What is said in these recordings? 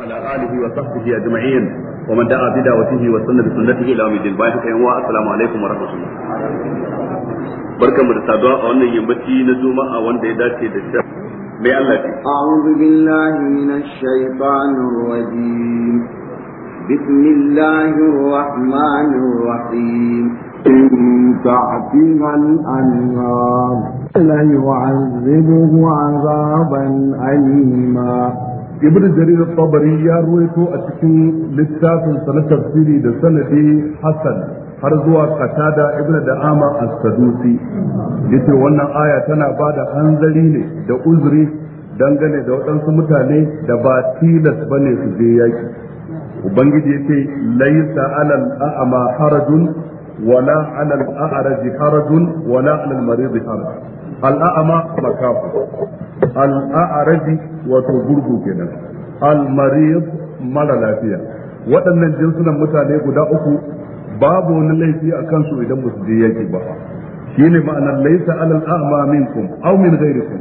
وعلى آله وصحبه أجمعين ومن دعا بدعوته وسن بسنته إلى يوم الدين بارك السلام عليكم ورحمة الله barkan mu da saduwa a wannan yammaci na juma'a wanda ya dace da sha mai Allah ce a'udhu إن تعتها الأنهار لا يعذبه عذابا أليما ibn jarir tabari ya ruwaito a cikin littafin sa tafsiri da sanadi hasan har zuwa qatada ibn da'ama as-sadusi yace wannan aya tana bada hanzari ne da uzuri dangane da waɗansu mutane da ba tilas bane su je yaki ubangiji yace laysa alal a'ma harajun wala alal a'raj harajun wala alal marid haraj al-a'ma makafu al wato gurgu kenan al mara lafiya waɗannan jinsunan mutane guda uku babu wani laifi a kansu idan ba su je yaki ba shine ma'anar laisa alal a'ma minkum aw min ghairikum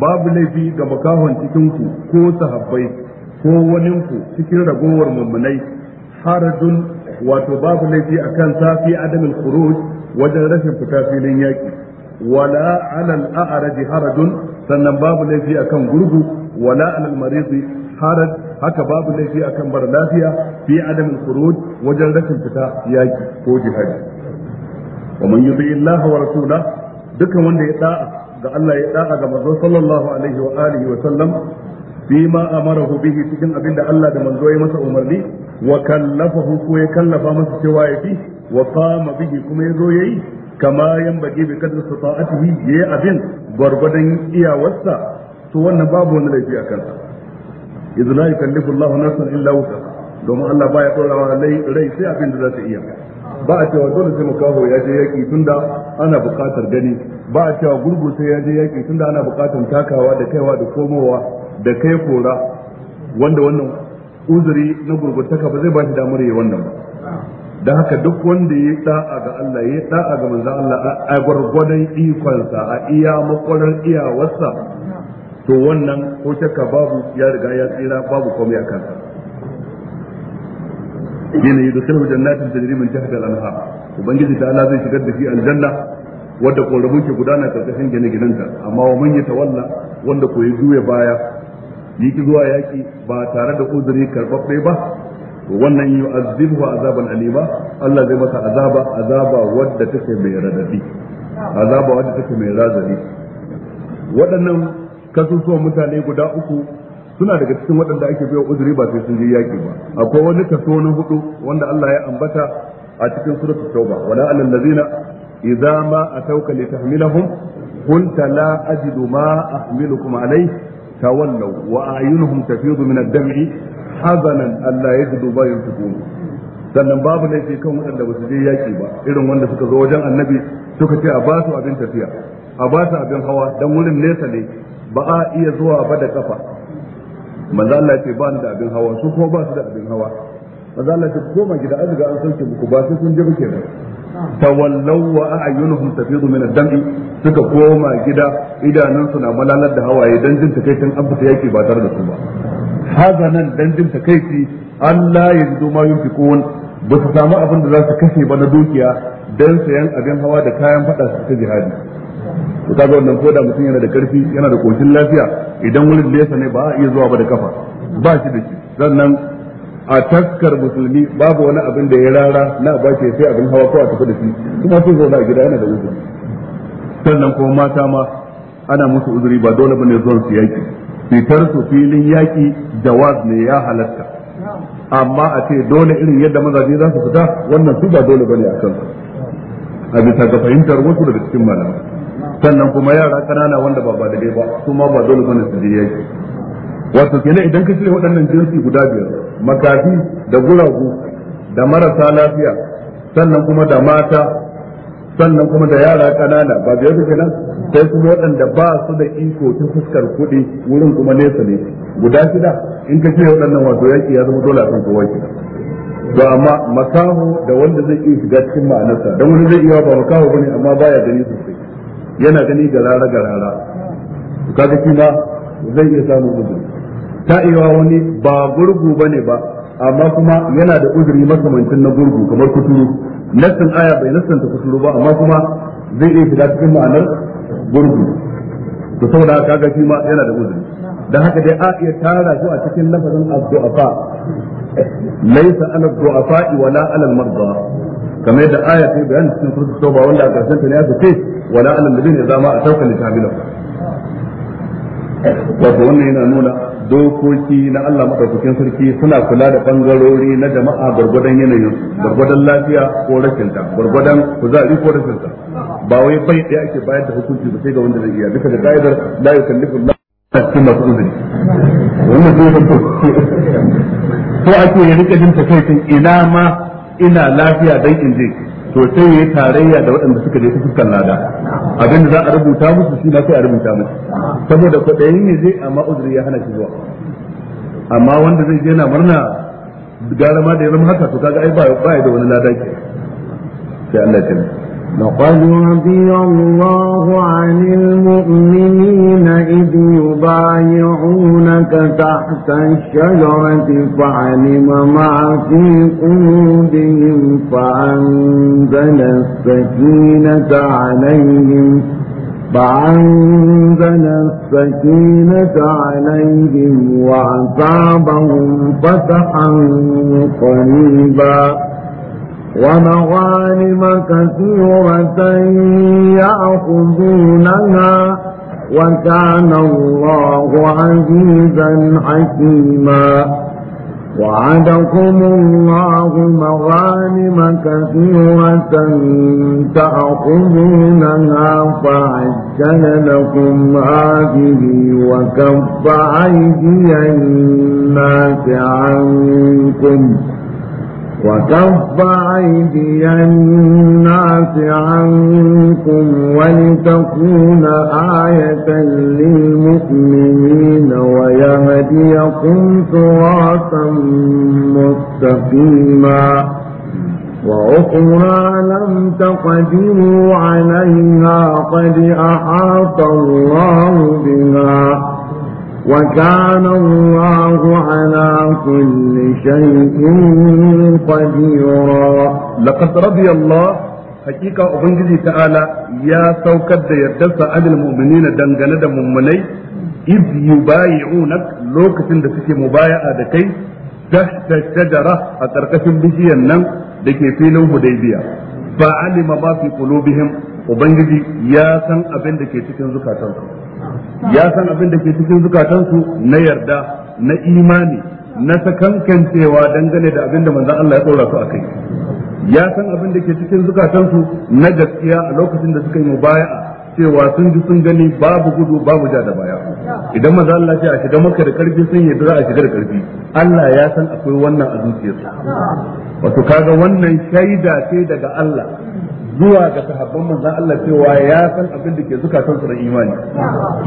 babu laifi ga makahon cikin ku ko sahabbai ko wani ku cikin ragowar mummunai Haradun wato babu laifi a kan safi adamin khuruj wajen rashin fita filin yaki wala alal a'raji haradun sannan babu laifi akan gurgu wala alal maridi haraj haka babu laifi akan bar lafiya fi adam al wajen rashin fita yaki ko jihadi wa man yuti Allah wa rasulahu dukan wanda ya da'a ga Allah ya da'a ga manzo sallallahu alaihi wa alihi wa sallam bima amarahu bihi cikin abin da Allah da manzo ya masa umarni wa kallafahu ko ya kallafa masa cewa ya bi wa qama bihi kuma ya yi yayi kama yan bage bi kadar sa'atihi yayi abin gwargwadon iyawarsa to wannan babu wani laifi a kansa idan la yukallifu Allahu nafsan illa wusa domin Allah baya lai rai sai abin da za ta iya ba a cewa dole sai makaho ya je yaki tunda ana buƙatar gani ba a cewa gurgu ya je yaki tunda ana buƙatar takawa da kaiwa da komowa da kai kora wanda wannan uzuri na gurgurtaka ba zai ba shi damar yi wannan ba da haka duk wanda ya da'a ga Allah ya a ga manzo Allah a gurgurdan ikonsa a iya makwarar iyawarsa to wannan ko shakka babu ya riga ya tsira babu komai a kansa yana yi dukkan jannatin tajri min jihar al ubangiji ta Allah zai shigar da shi aljanna wanda korabun ke gudana karkashin gine ginanta amma wa man yatawalla wanda ko ya juya baya yi ki zuwa yaki ba tare da uzuri karbabbe ba wannan yi yu'azzibuhu azaban alima Allah zai masa azaba azaba wadda take mai radadi mai razali waɗannan kasusuwan mutane guda uku suna daga cikin waɗanda ake biya uzuri ba sai sun je yaƙi ba akwai wani kaso na hudu wanda Allah ya ambata a cikin suratul tauba wala alal ladzina idza ma atawka litahmilahum kunta la ajidu ma ahmilukum alayhi tawallaw wa a'yunuhum tafidu min ad-dam'i hazanan alla yajidu sannan babu laifi kan waɗanda ba su je yaƙi ba irin wanda suka zo wajen annabi suka ce a ba su abin tafiya a ba su abin hawa dan wurin nesa ne ba a iya zuwa ba da kafa manzo Allah ce ba da abin hawa su ko ba su da abin hawa manzo Allah ce koma gida an an sauke muku ba su kun je ba kenan tawallaw wa a'yunuhum tafidu min ad-dam'i suka koma gida idanunsu na malalar da hawaye dan jin takaicin an fita yaki ba tare da su ba Haza nan dan jin takaici Allah ya jido ma yunfikun ba su samu abin da za su kashe ba na dukiya dan sayan abin hawa da kayan fada su ta jihadi to kaga wannan da mutum yana da karfi yana da koshin lafiya idan wani lesa ne ba a iya zuwa ba da kafa ba shi da shi sannan a taskar musulmi babu wani abin da ya rara na ba shi sai abin hawa ko a tafi da shi kuma sun da a gida yana da uzuri sannan kuma mata ma ana musu uzuri ba dole bane zuwan su yaki fitar su filin yaki jawaz ne ya halatta amma a ce dole irin yadda mazaje za su fita wannan su ba dole bane a kansu a bisa ga fahimtar wasu daga cikin malamai sannan kuma yara kanana wanda ba ba da ba su ma ba dole bane su je yaki wato kenan idan ka cire waɗannan jinsi guda biyar makafi da guragu da marasa lafiya sannan kuma da mata sannan kuma da yara kanana ba biyar da kenan sai kuma waɗanda ba su da iko ta fuskar kuɗi wurin kuma nesa ne guda shida in ka cire waɗannan wato yaki ya zama dole a kan kowa ba amma makaho da wanda zai iya shiga cikin ma'anarsa don wani zai iya ba makaho bane amma baya gani sosai yana gani garara garara to kaga kina zai iya samun uzuri ta iya wani ba gurgu bane ba amma kuma yana da uzuri makamancin na gurgu kamar kuturu nassin aya bai nassanta kuturu ba amma kuma zai iya shiga cikin ma'anar gurgu to saboda kaga shi ma yana da uzuri dan haka dai a iya tara shi a cikin lafazin abdua laysa ala du'afa wala ala al-marda kamar yadda aya ta bayani cikin suratul tauba wanda a karshen ta ne aka ce wala alal ladina idza ma atawka litabilu wato wannan yana nuna dokoki na Allah madaukakin sarki suna kula da bangarori na jama'a gwargwadon yanayin gwargwadon lafiya ko rashin ta gwargwadon kuzari ko rashin ta ba wai bai da ake bayar da hukunci ba sai ga wanda zai iya duka da ka'idar la yukallifu Allah cikin masu uzuri wannan zai fito to ake rika jin takaicin ina ma ina lafiya dan in je to sai yayi tarayya da waɗanda suka je su fuskar lada abinda za a rubuta musu shi na sai a rubuta musu saboda kwaɗayin ne zai amma uzuri ya hana shi zuwa amma wanda zai je na murna garama da ya zama haka to kaga ai ba ya da wani lada ke sai Allah ya لقد رضي الله عن المؤمنين إذ يبايعونك تحت الشجرة فعلم ما في قلوبهم فأنزل السكينة عليهم فأنزل السكينة عليهم وأصابهم فتحا قريبا ومغانم كثيرة يأخذونها وكان الله عزيزا حكيما وعدكم الله مغانم كثيرة تأخذونها فعجل لكم هذه وكف أيدي الناس عنكم وكف أيدي الناس عنكم ولتكون آية للمؤمنين ويهديكم صراطا مستقيما وأخرى لم تقدروا عليها قد أحاط الله بها وكان الله على كل شيء قديرا لقد رضي الله حقيقة أبنجي تعالى يا سوكد يدفع عن المؤمنين دنجنة ممني إذ يبايعونك لوكة دسك مبايعة دكي تحت الشجرة أتركش بشي النم دكي في لو هديبية فعلم ما في قلوبهم Ubangiji ya san abin da ke cikin zukatansu. ya san abin da ke cikin zukatansu na yarda na imani na sakankancewa dangane da abin da manzon Allah ya tsora su a kai. ya san abin da ke cikin zukatansu na gaskiya a lokacin da suka yi mubaya'a cewa sun ji sun gani babu gudu babu ja da baya idan maza Allah ce a shiga maka da karfi sun yi za a shiga da karfi Allah ya san akwai wannan a zuciyarsa wato kaga wannan shaida ce daga Allah zuwa ga sahabban manzon Allah cewa ya san abin da ke zukatan su da imani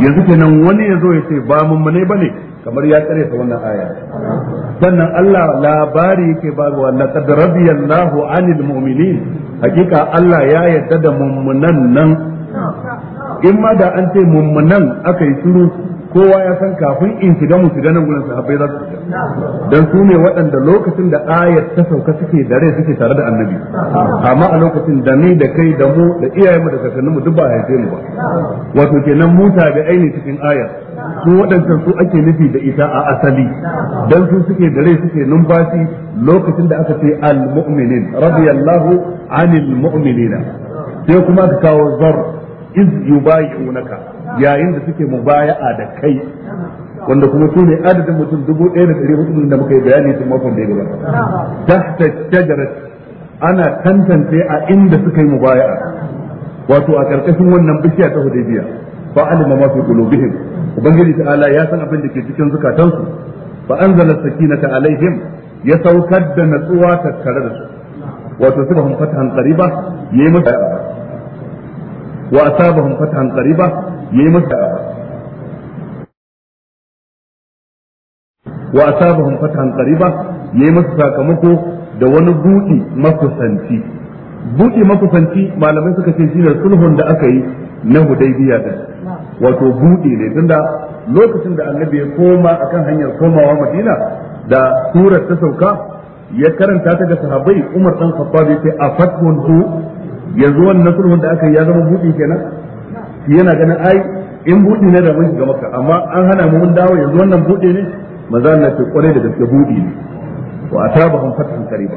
yanzu kenan wani ya zo ya ce ba mummune bane kamar ya kare ta wannan aya sannan Allah labari yake ba wa laqad rabbiyallahu anil mu'minin hakika Allah ya yarda da mummunan nan in ma da an ce mummunan aka yi shiru kowa ya san kafin in shiga mu shiga nan gurin sahabbai za su shiga dan su ne waɗanda lokacin da ayat ta sauka suke da rai suke tare da annabi amma a lokacin da ni da kai da mu da iyayenmu da kakanninmu duk ba haife mu ba wato kenan mu tabi'ai aini cikin ayat su waɗancan su ake nufi da ita a asali dan su suke da rai suke numfashi lokacin da aka ce al-mu'minin radiyallahu anil mu'minina sai kuma ka kawo zar iz yubayyunaka yayin da suke mubaya'a da kai wanda kuma su ne adadin mutum dubu ɗaya da ɗari hudu da muka yi bayani sun makon da ya gabata tahta shajarat ana tantance a inda suka yi mubaya'a wato a ƙarƙashin wannan bishiya ta hudaybiya fa alima ma fi qulubihim ubangiji ta'ala ya san abin da ke cikin zukatansu fa anzala sakinata alaihim ya saukar da natsuwa tattare da su wato suka hum fatahan qariba yayi musu wa asabahum fatahan qariba yayi masa wa asabahum fatan qariba yayi masa sakamako da wani buɗi makusanci buɗi makusanci malamai suka ce shine sulhun da aka yi na hudaybiya da wato buɗi ne tunda lokacin da annabi ya koma akan hanyar komawa madina da surar ta sauka ya karanta ta ga sahabbai Umar dan Khattab ya ce a fathun hu yanzu wannan sulhun da aka yi ya zama buɗi kenan yana ganin ai in buɗe ne da mun ga maka amma an hana mu mun dawo yanzu wannan buɗe ne maza na ce kwarai da gaske buɗe ne wa hum fathan qariba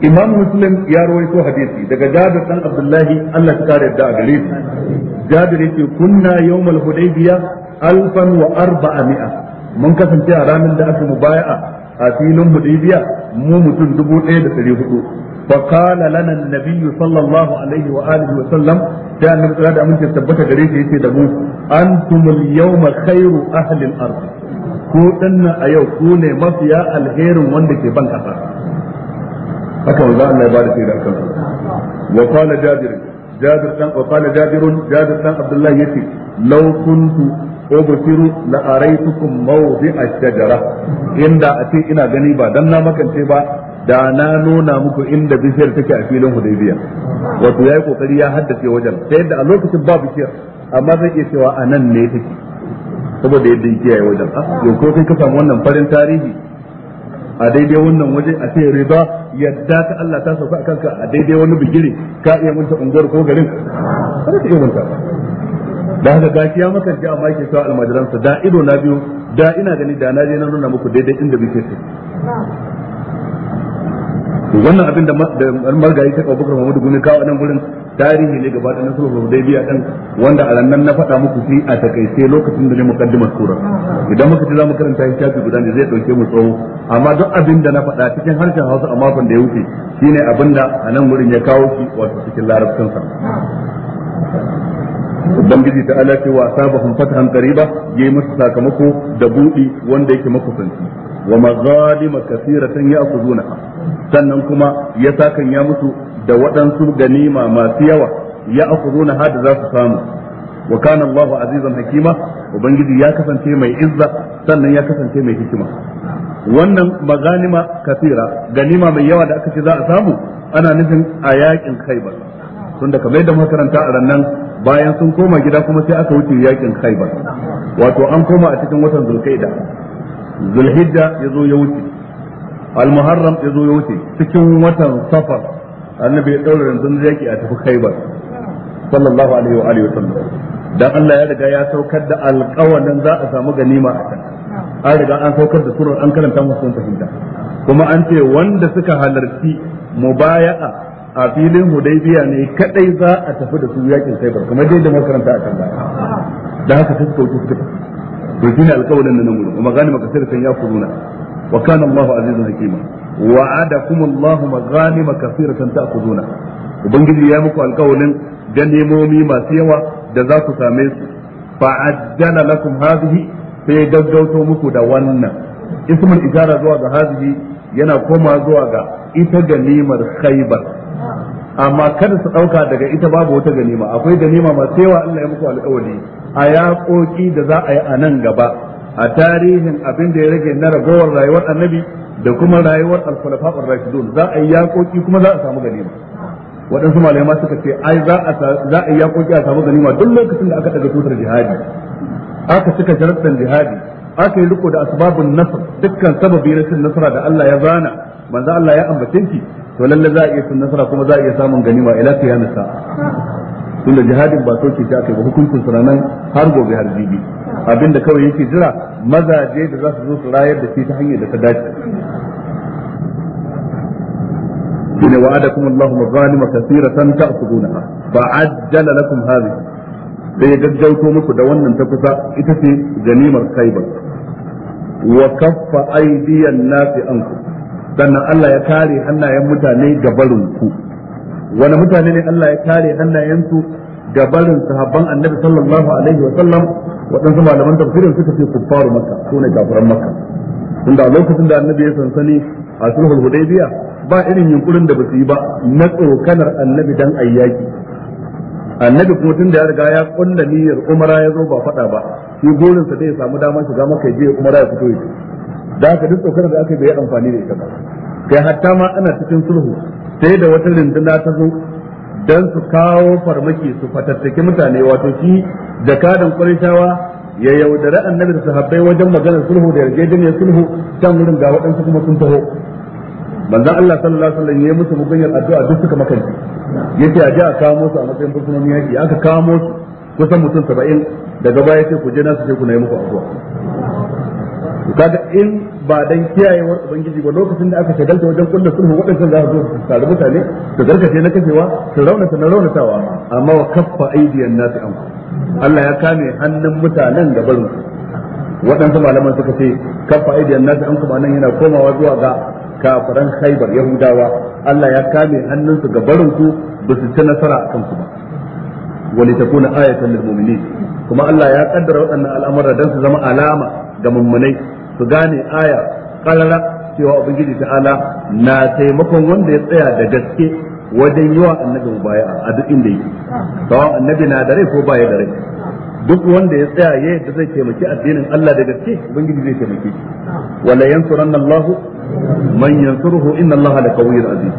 imam muslim ya rawaito hadisi daga jabir dan abdullahi Allah ta kare da gare shi jabir yace kunna yawmal hudaybiya alfan wa arba'ami'a mun kasance a ranar da aka baya a filin hudaybiya mu mutum dubu ɗaya da ɗari hudu فقال لنا النبي صلى الله عليه وآله وسلم جاء النبي صلى الله تثبت غريب يتي دمو أنتم اليوم خير أهل الأرض ko danna a yau ku ne mafiya alherin wanda ke ban kasa haka wanda Allah bada shaida akan wa qala jabir jabir dan wa qala jabir jabir dan abdullah yace law kuntu ubsiru la araitukum shajara inda ina gani ba dan na makance ba da na nuna muku inda bishiyar take a filin hudaybiya wato yayi kokari ya haddace wajen ta yadda a lokacin ba bishiyar amma zai iya cewa a nan ne take saboda yadda yake yayi wajen a ah, yau ko kai ka samu wannan farin tarihi a daidai wannan waje a ce riba yadda ta Allah ta sauka kanka a daidai wani bigire ka iya munta unguwar ko garin da ka iya munta da haka gaskiya maka ji amma yake cewa almajiransa da ido na biyu da ina gani da na je na nuna muku daidai inda bishiyar take wannan abin da margayi ta kawo Muhammadu Gumi kawo nan gurin tarihi ne gaba da nasarar Hudaybiya din wanda a nan na faɗa muku shi a takaice lokacin da ne masu surar idan muka ci zamu karanta shi shafi guda ne zai dauke mu tsawo amma duk abin da na faɗa cikin harshen Hausa a makon da ya wuce shine abin da a nan gurin ya kawo shi wato cikin larabcin sa ubangiji ta ala cewa asabahum fatahan qariba yi musu sakamako da budi wanda yake makusanci wa mazalima kathiratan ya'khuduna sannan kuma ya sakan ya mutu da waɗansu ganima masu yawa ya na hada za su samu wa kana Allahu azizan hakima ubangiji ya kasance mai izza sannan ya kasance mai hikima wannan maganima kafira, ganima mai yawa da aka ce za a samu ana nufin a yakin Khaibar tunda kamar da makaranta a rannan bayan sun koma gida kuma sai aka wuce yakin Khaibar wato an koma a cikin watan zulhijja Zulhijja ya zo ya wuce al-muharram ya zo ya wuce cikin watan safar annabi ya daura da yake a tafi khaybar sallallahu alaihi wa alihi sallam dan Allah ya riga ya saukar da alƙawarin za a samu ganima a kan an riga an saukar da surar an karanta musu sun fahimta kuma an ce wanda suka halarci mubaya'a a filin hudaybiya ne kadai za a tafi da su yakin khaybar kuma dai da makaranta a kan baya da haka suka wuce suka to shine alƙawarin nan mun kuma gani maka kan ya kuruna wa kana Allahu azizun hakima wa'adakum Allahu maghanima kaseeratan ta'khuduna ubangiji ya muku alƙawarin da nemomi masu yawa da za ku same su fa ajjala lakum hadhihi sai gaggauto muku da wannan ismin itara zuwa ga hadhihi yana koma zuwa ga ita ganimar khaybar amma kada su dauka daga ita babu wata ganima akwai ganima masu yawa Allah ya muku alƙawari a yaƙoƙi da za a yi a nan gaba a tarihin abin da ya rage na ragowar rayuwar annabi da kuma rayuwar al-khulafa'ur rashidun za a yi yakoki kuma za a samu ganima waɗansu malama suka ce ai za a yi yakoki a samu ganima duk lokacin da aka daga tutar jihadi aka cika sharaddan jihadi aka yi riko da asbabun nasar dukkan sababi rashin nasara da Allah ya zana manzo Allah ya ambace shi to lalle za a iya sun nasara kuma za a iya samun ganima ila qiyamis tunda jihadin ba soke shi aka yi ba hukuncin su ranan har gobe har bibi, abinda kawai yake jira mazaje da za su zo su rayar da shi ta hanyar da ta dace shine wa'adakum Allahu mazalima a jala fa'ajjala lakum hadhihi sai ya gaggauto muku da wannan ta kusa ita ce ganimar Khaibar wa kaffa aydiyan nasi anku sannan Allah ya kare hannayen mutane barin ku wani mutane ne Allah ya kare hannayensu ga barin sahabban annabi sallallahu alaihi wa sallam waɗansu malaman tafsirin suka ce kuffaru makka su ne gafuran makka tunda a lokacin da annabi ya sansani a sulhul hudaybiya ba irin yunkurin da basu yi ba na tsokanar annabi dan ayyaki annabi kuma tun da ya riga ya kulla niyyar umara ya zo ba faɗa ba shi gurin sa ya samu dama shiga maka ya je umara ya fito ya da haka duk tsokanar da aka yi bai amfani da ita ba kai hatta ma ana cikin sulhu sai da wata rinduna ta zo dan su kawo farmaki su fatattaki mutane wato shi jakadan qurayshawa ya yaudari annabi da sahabbai wajen maganar sulhu da yarjejeniyar sulhu can wurin ga waɗansu kuma sun taho manzon Allah sallallahu alaihi wasallam ya musu mugunyar addu'a duk suka makanci yace a ji a kawo su a matsayin fursunonin yaki aka kawo su kusan mutum 70 daga baya sai ku je nasu sai ku na muku addu'a kaga in ba dan kiyayewar ubangiji ba lokacin da aka shagalta wajen kullu sulhu waɗannan za su zo su tsare mutane su garkace na kashewa su raunata na raunatawa amma wa kaffa aidiyan nasi an Allah ya kame hannun mutanen da barin waɗansu malaman suka ce kaffa aidiyan nasi an kuma nan yana komawa zuwa ga kafiran khaibar yahudawa Allah ya kame hannunsu ga barin su ba su ci nasara a kansu ba wani ta kuna ayatan lil mu'minin kuma Allah ya kaddara waɗannan al'amura dan su zama alama ga mummunai su gane aya kalala cewa ubangiji Ala, na taimakon wanda ya tsaya da gaske wajen yi wa annabi mubaya'a a duk inda yake kawo annabi na da rai ko baya da rai duk wanda ya tsaya ya yadda zai taimaki addinin Allah da gaske ubangiji zai taimake shi wala yansuranna Allah man yansuruhu inna Allah la qawiyyun aziz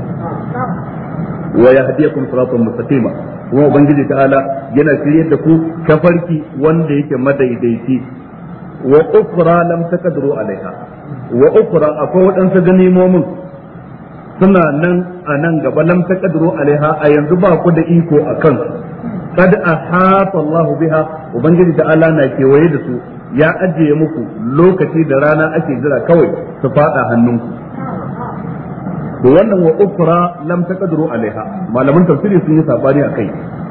wa yahdiyakum siratan mustaqima kuma ubangiji Ala, yana shiryar da ku kafarki wanda yake madaidaici wa ukhra lam taqdiru alaiha wa ukhra akwai waɗansu ganimomin suna nan a nan gaba lam taqdiru alaiha a yanzu ba ku da iko akan. kansu kad ahata Allahu biha ubangiji da Allah na kewaye da su ya ajiye muku lokaci da rana ake jira kawai su fada hannunku to wannan wa ukhra lam taqdiru alaiha malaman tafsiri sun yi sabani akai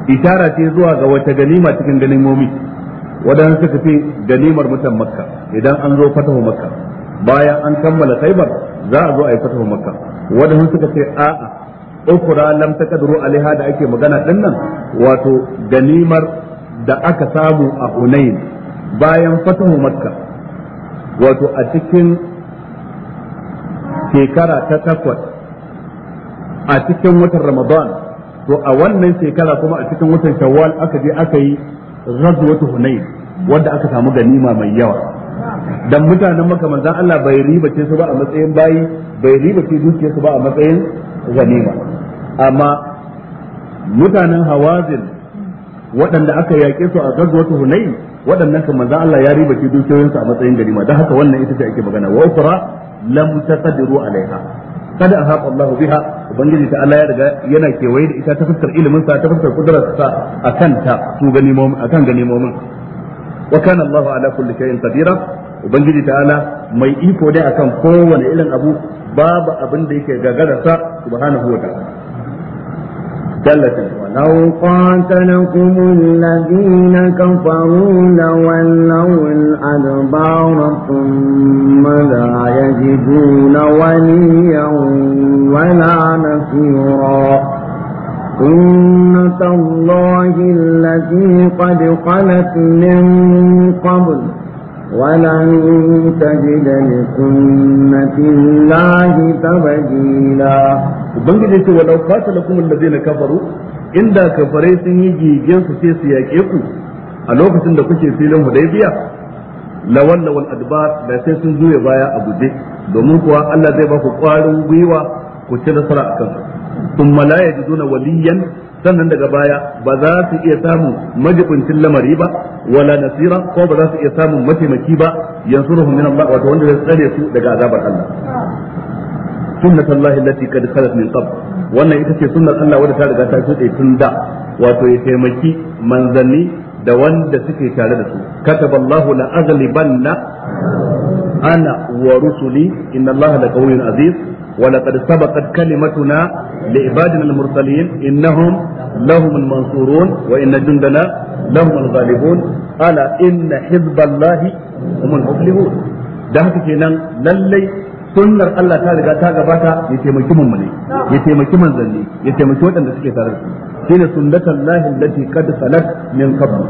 isharar ce zuwa ga wata ganima cikin ganimomin. wadan suka fi ganimar mutan makka idan an zo fatahu makka bayan an kammala taibar za a zo a yi fatahu makka wadan suka ce a'a ukura lam takadru alaiha da ake magana nan, wato ganimar da aka samu a hunain bayan fatahu makka wato a cikin shekara ta takwas a cikin watan ramadan to a wannan shekara kuma a cikin watan shawwal aka je aka yi ghazwatu hunain wanda aka samu ganima mai yawa dan mutanen maka manzon Allah bai ribace su ba a matsayin bayi bai ribace dukiyar su ba a matsayin ganima amma mutanen hawazin waɗanda aka yaƙe su a ghazwatu hunain waɗannan kan manzon Allah ya ribace dukiyoyinsu a matsayin ganima dan haka wannan ita ce ake magana wa ukra lam taqdiru alaiha kada a haƙa Allah biha ubangiji ta Allah ya riga yana kewaye da ita ta fuskar ilimin sa ta fuskar kudurar sa akan ta su wa kana Allah ala kulli shay'in qadira ubangiji ta Allah mai iko dai akan kowane irin abu babu abin da yake gagararsa subhanahu wa ta'ala جلة ولو قاتلكم الذين كفروا لولوا الأدبار ثم لا يجدون وليا ولا نصيرا سنة الله التي قد خلت من قبل ولن تجد لسنة الله تبديلا ubangiji ya ce wa ta lakum alladhina kafaru inda kafarai sun yi gigen su sai su yake ku a lokacin da kuke filin hudaybiya lawalla wal adbar da sai sun ya baya a guje domin kuwa Allah zai ba ku kwarin gwiwa ku ci nasara akan su malaya ji yajiduna waliyan sannan daga baya ba za su iya samun majibincin lamari ba wala nasira ko ba za su iya samun mataimaki ba yanzu ruhu min Allah wato wanda zai tsare su daga azabar Allah sunna tallahi lati kad khalat min qabl wannan ita ce suna Allah wadda ta riga ta shuɗe tun da wato ya taimaki manzanni da wanda suke tare da su kataba Allahu la aghlibanna ana wa rusuli inna Allah la qawiyyun aziz wa laqad sabaqat kalimatuna li ibadina al mursalin innahum la al mansurun wa inna jundana lahum al ghalibun ala inna hizballahi hum al muflihun dan kenan lallai sunnar Allah ta riga ta gabata ya taimaki mummune ya taimaki manzanni ya taimaki waɗanda suke tare da su shine sunnatul lahi allati qad salat min qabl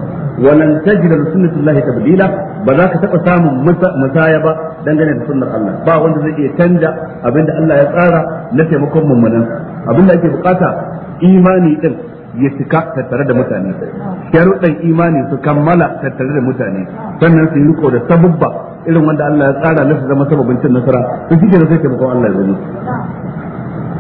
wa lan tajid sunnatul lahi tabdila ba za ka taɓa samun musaya ba dangane da sunnar Allah ba wanda zai iya canja abinda Allah ya tsara na taimakon mummunan abinda ake bukata imani din ya cika tattare da mutane sharuɗan imani su kammala tattare da mutane sannan su yi riko da sabubba irin wanda Allah ya tsara nasu zama sababin cin nasara su shi da sai taimakon Allah ya zama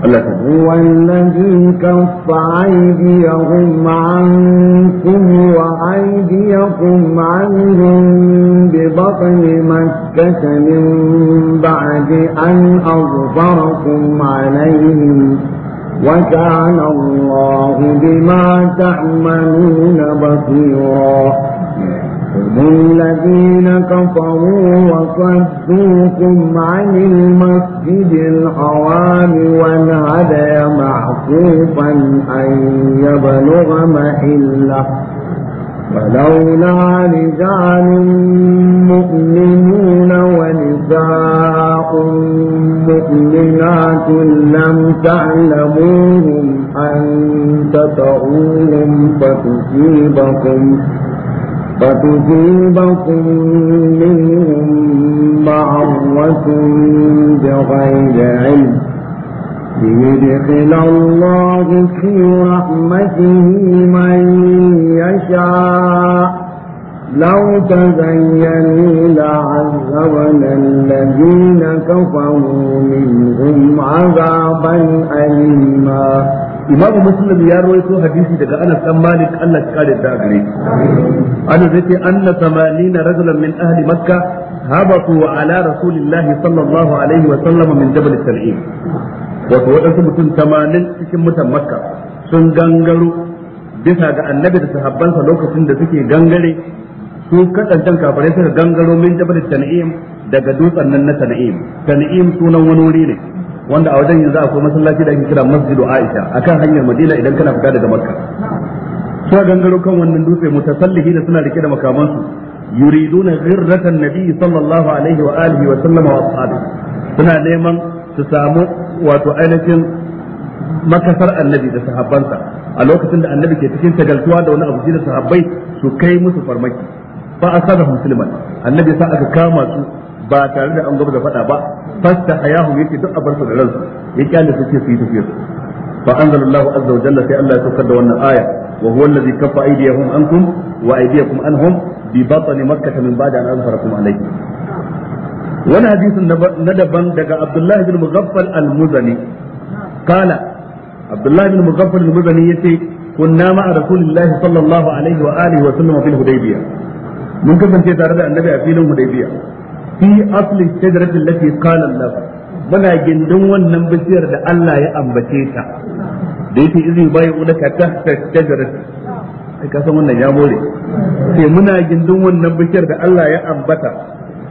Allah ta huwa allazi kaffa aydiyahum ankum wa aydiyakum anhum bi batni makkah min an وكان الله بما تعملون بصيرا الذين كفروا وصدوكم عن المسجد الحرام والهدي معصوفا أن يبلغ محله ولولا رجال مؤمنون ونساء مؤمنات لم تعلموهم أن تطعوهم فتصيبكم فتصيبكم منهم معرة بغير علم ليدخل الله في رحمته من يشاء لو تزين لعذبنا الذين كفروا منهم عذابا أليما إمام مسلم يروي في حديثي دقا أنا سمالك كأنك كاري داغري أنا زيتي أن ثمانين رجلا من أهل مكة habatu ala rasulillahi sallallahu alaihi wa sallama min jabal sal'im wato wadansu mutum tamanin cikin mutan makka sun gangaro bisa ga annabi da sahabbansa lokacin da suke gangare su kadantan kafirai suka gangaro min jabal tan'im daga dutsen nan na tan'im tan'im sunan wani wuri ne wanda a wajen yanzu a akwai masallaci da ake kira masjidu aisha akan hanyar madina idan kana fita daga makka suka gangaro kan wannan dutse mutasallihi da suna rike da makamansu yuriduna ghirratan nabi sallallahu alaihi wa alihi wa sallam wa ashabi suna neman su samu wato ainihin makasar annabi da sahabbansa a lokacin da annabi ke cikin tagaltuwa da wani abu shi da sahabbai su kai musu farmaki fa asaba musliman annabi sa aka kama su ba tare da an gaba da fada ba fasta hayahu yake duk a barsu da ransu ya kyale su ce su yi tafiyar fa anzalallahu azza wa jalla sai Allah ya da wannan aya wa huwa allazi kaffa aydiyahum ankum wa aydiyakum anhum bi batni makkah min ba'di an azharakum alayhi wani hadisin na daban daga abdullahi bin mughaffal al-muzani abdullahi bin mughaffal al-muzani yace kunna a rasulillahi sallallahu alaihi wa alihi wa sallam fil hudaybiyah mun kasance tare da annabi a filin hudaybiyah fi asli shajarati allati qala Allah muna gindin wannan bishiyar da Allah ya ambace ta da yake izi bai una ka ta shajarat ai ka wannan ya more sai muna gindin wannan bishiyar da Allah ya ambata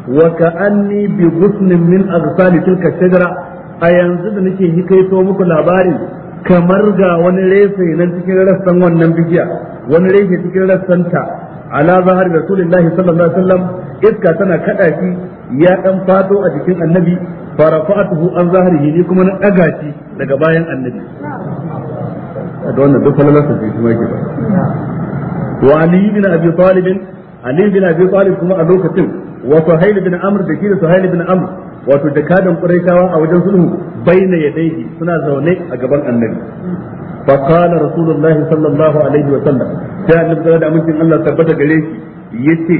wa ka'anni bi ghusnin min aghsani tilka shajara a yanzu da nake yi kai to muku labarin kamar ga wani rafe nan cikin rassan wannan bishiya wani rafe cikin ta ala zahar rasulullahi sallallahu alaihi wasallam iska tana kada shi ya dan fado a jikin annabi farafa'atuhu an zahrihi ni kuma na daga bayan annabi da wannan duk falalarsa ce shi ma yake ba wa ali bin abi talib ali bin abi talib kuma a lokacin wa amr da shi da suhail amr wato jakadan quraishawa a wajen sulhu baina yadayhi suna zaune a gaban annabi fa qala rasulullahi sallallahu alaihi wa sallam sai annabi da amincin Allah tabbata gare shi yace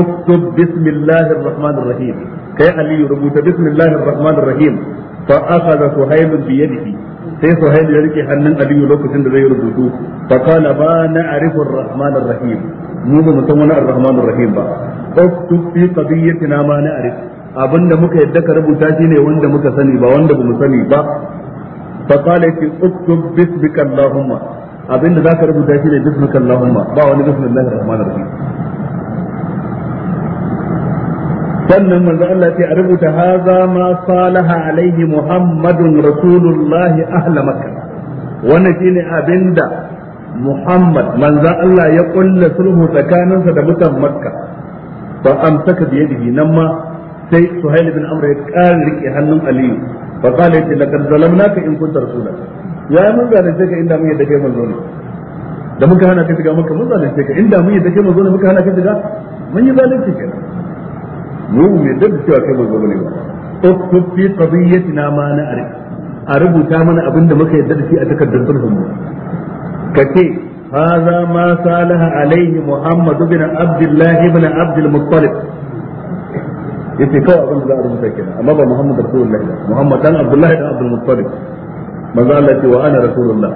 اكتب بسم الله الرحمن الرحيم كي علي ربوت بسم الله الرحمن الرحيم فأخذ سهيل بيده sai suhail ya rike hannun aliyu lokacin da zai rubutu fa qala ba na'rifu ar-rahman rahim mu ba mu san wani ar-rahman rahim ba uktub fi qadiyatina ma na na'rif abinda muka yadda ka rubuta ne wanda muka sani ba wanda bamu sani ba fa qala ki uktub bismika allahumma abinda zaka rubuta shine bismika allahumma ba wani bismillahir rahmanir rahim sannan manzo Allah ce a rubuta haza ma salaha alaihi muhammadun rasulullahi ahla makka wannan shine abinda muhammad manzo Allah ya kulla sulhu tsakaninsa da mutan makka fa amsaka bi yadihi nan ma sai suhail bin amr ya kare rike hannun aliyu fa qala yace laqad zalamnaka in kunta rasula ya mun zalunce ka inda mun yadda kai manzo ne da muka hana ka shiga muka mun zalunce ka inda mun yadda kai manzo ne muka hana ka shiga mun yi zalunci kenan mu mai da cewa kai manzo bane ba uktub fi qadiyatina ma na'rif a rubuta mana abin da muka yarda da shi a takardar sulhun mu kace hadha ma salaha alaihi muhammad ibn abdullah ibn abd al-muttalib yace kawai abin da za rubuta kenan amma ba muhammad rasulullahi ba muhammad dan abdullah dan abd al-muttalib manzo Allah ce wa ana rasulullah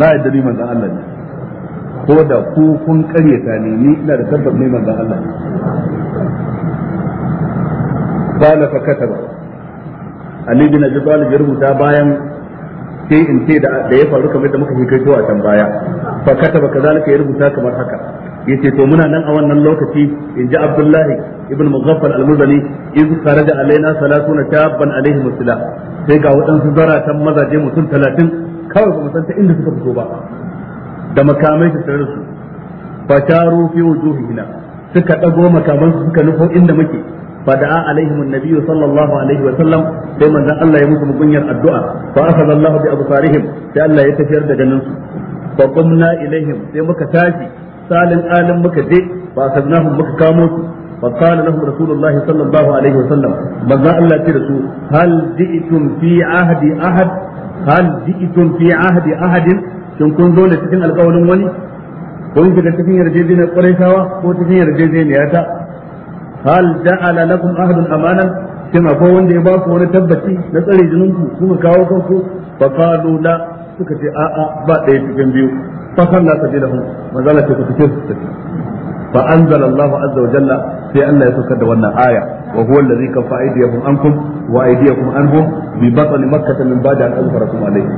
na yadda ni manzo Allah ne ko da ku kun karyata ne ni ina da tabbas ne manzo Allah qala fa kataba ali bin abi talib ya rubuta bayan sai in ce da ya faru kamar da muka hikaito a can baya fa kataba kazalika ya rubuta kamar haka yace to muna nan a wannan lokaci in ji abdullahi ibn mughaffal al-muzani iz da alaina salatuna shabban alaihi musalla sai ga waɗansu zaratan mazaje mutum 30 kawai ba san ta inda suka fito ba da makamai su tare su fa taru fi wujuhihina suka dago makaman su suka nufo inda muke fada'a alaihim annabi sallallahu alaihi wa sallam sai manzon Allah ya musu mugunyar addu'a fa akhadha Allah bi absarihim sai Allah ya tafiyar da ganin su fa qumna ilaihim sai muka tashi salin alim muka je fa akhadnahum muka kamo su فقال لهم رسول الله صلى الله عليه وسلم بذا الله ترسو هل جئتم في ahad. Hal هل جئتم في عهد أحد شن كن دولة cikin القول wani. kun daga cikin yarjejeniyar ƙurayshawa ko cikin yarjejeniya ta hal ja'ala lakum ahadun amanan shin akwai wanda ya ba wani tabbaci na tsare jininku kuma kawo kanku fa qalu la suka ce a'a ba ɗaya cikin biyu fa na alaihi da sallam manzala ce ku cikin su fa anzala jalla sai Allah ya saukar da wannan aya wa huwa allazi kaffa aydiyahum ankum wa aydiyakum anhum bi batni makkah min ba'da an azharakum alayhi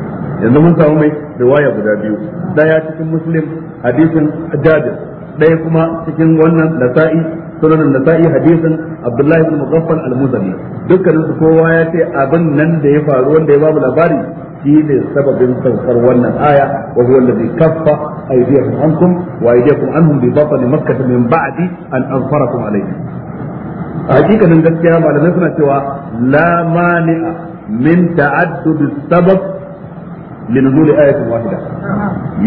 yanzu mun samu mai riwaya guda biyu daya cikin muslim hadisin jabir daya kuma cikin wannan nasa'i sunan nasa'i hadisin abdullahi ibn mughaffal al-muzani dukkanin kowa ya ce abin nan da ya faru wanda ya babu labari shine sababin saukar wannan aya wa huwa allazi kaffa aydiyakum ankum wa aydiyakum anhum bi batni makkah min ba'di an anfarakum alayhi hakikanin gaskiya malamai suna cewa la mani'a min ta'addud sabab linuzul ayatin wahida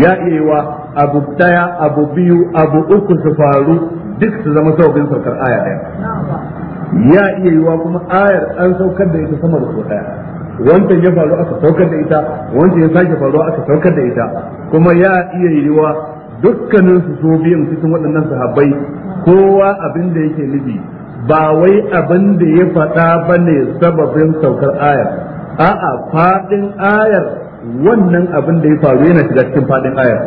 ya iya abu daya abu biyu abu uku su faru duk su zama sababin saukar aya daya ya iya yiwa kuma ayar an saukar da ita sama da so daya wancan ya faru aka saukar da ita wancan ya sake faruwa aka saukar da ita kuma ya iya yiwuwa dukkanin su so biyan cikin waɗannan sahabbai kowa abin da yake nufi ba wai abin da ya faɗa ba ne sababin saukar ayar a'a faɗin ayar wannan abin da ya faru yana shiga cikin fadin ayar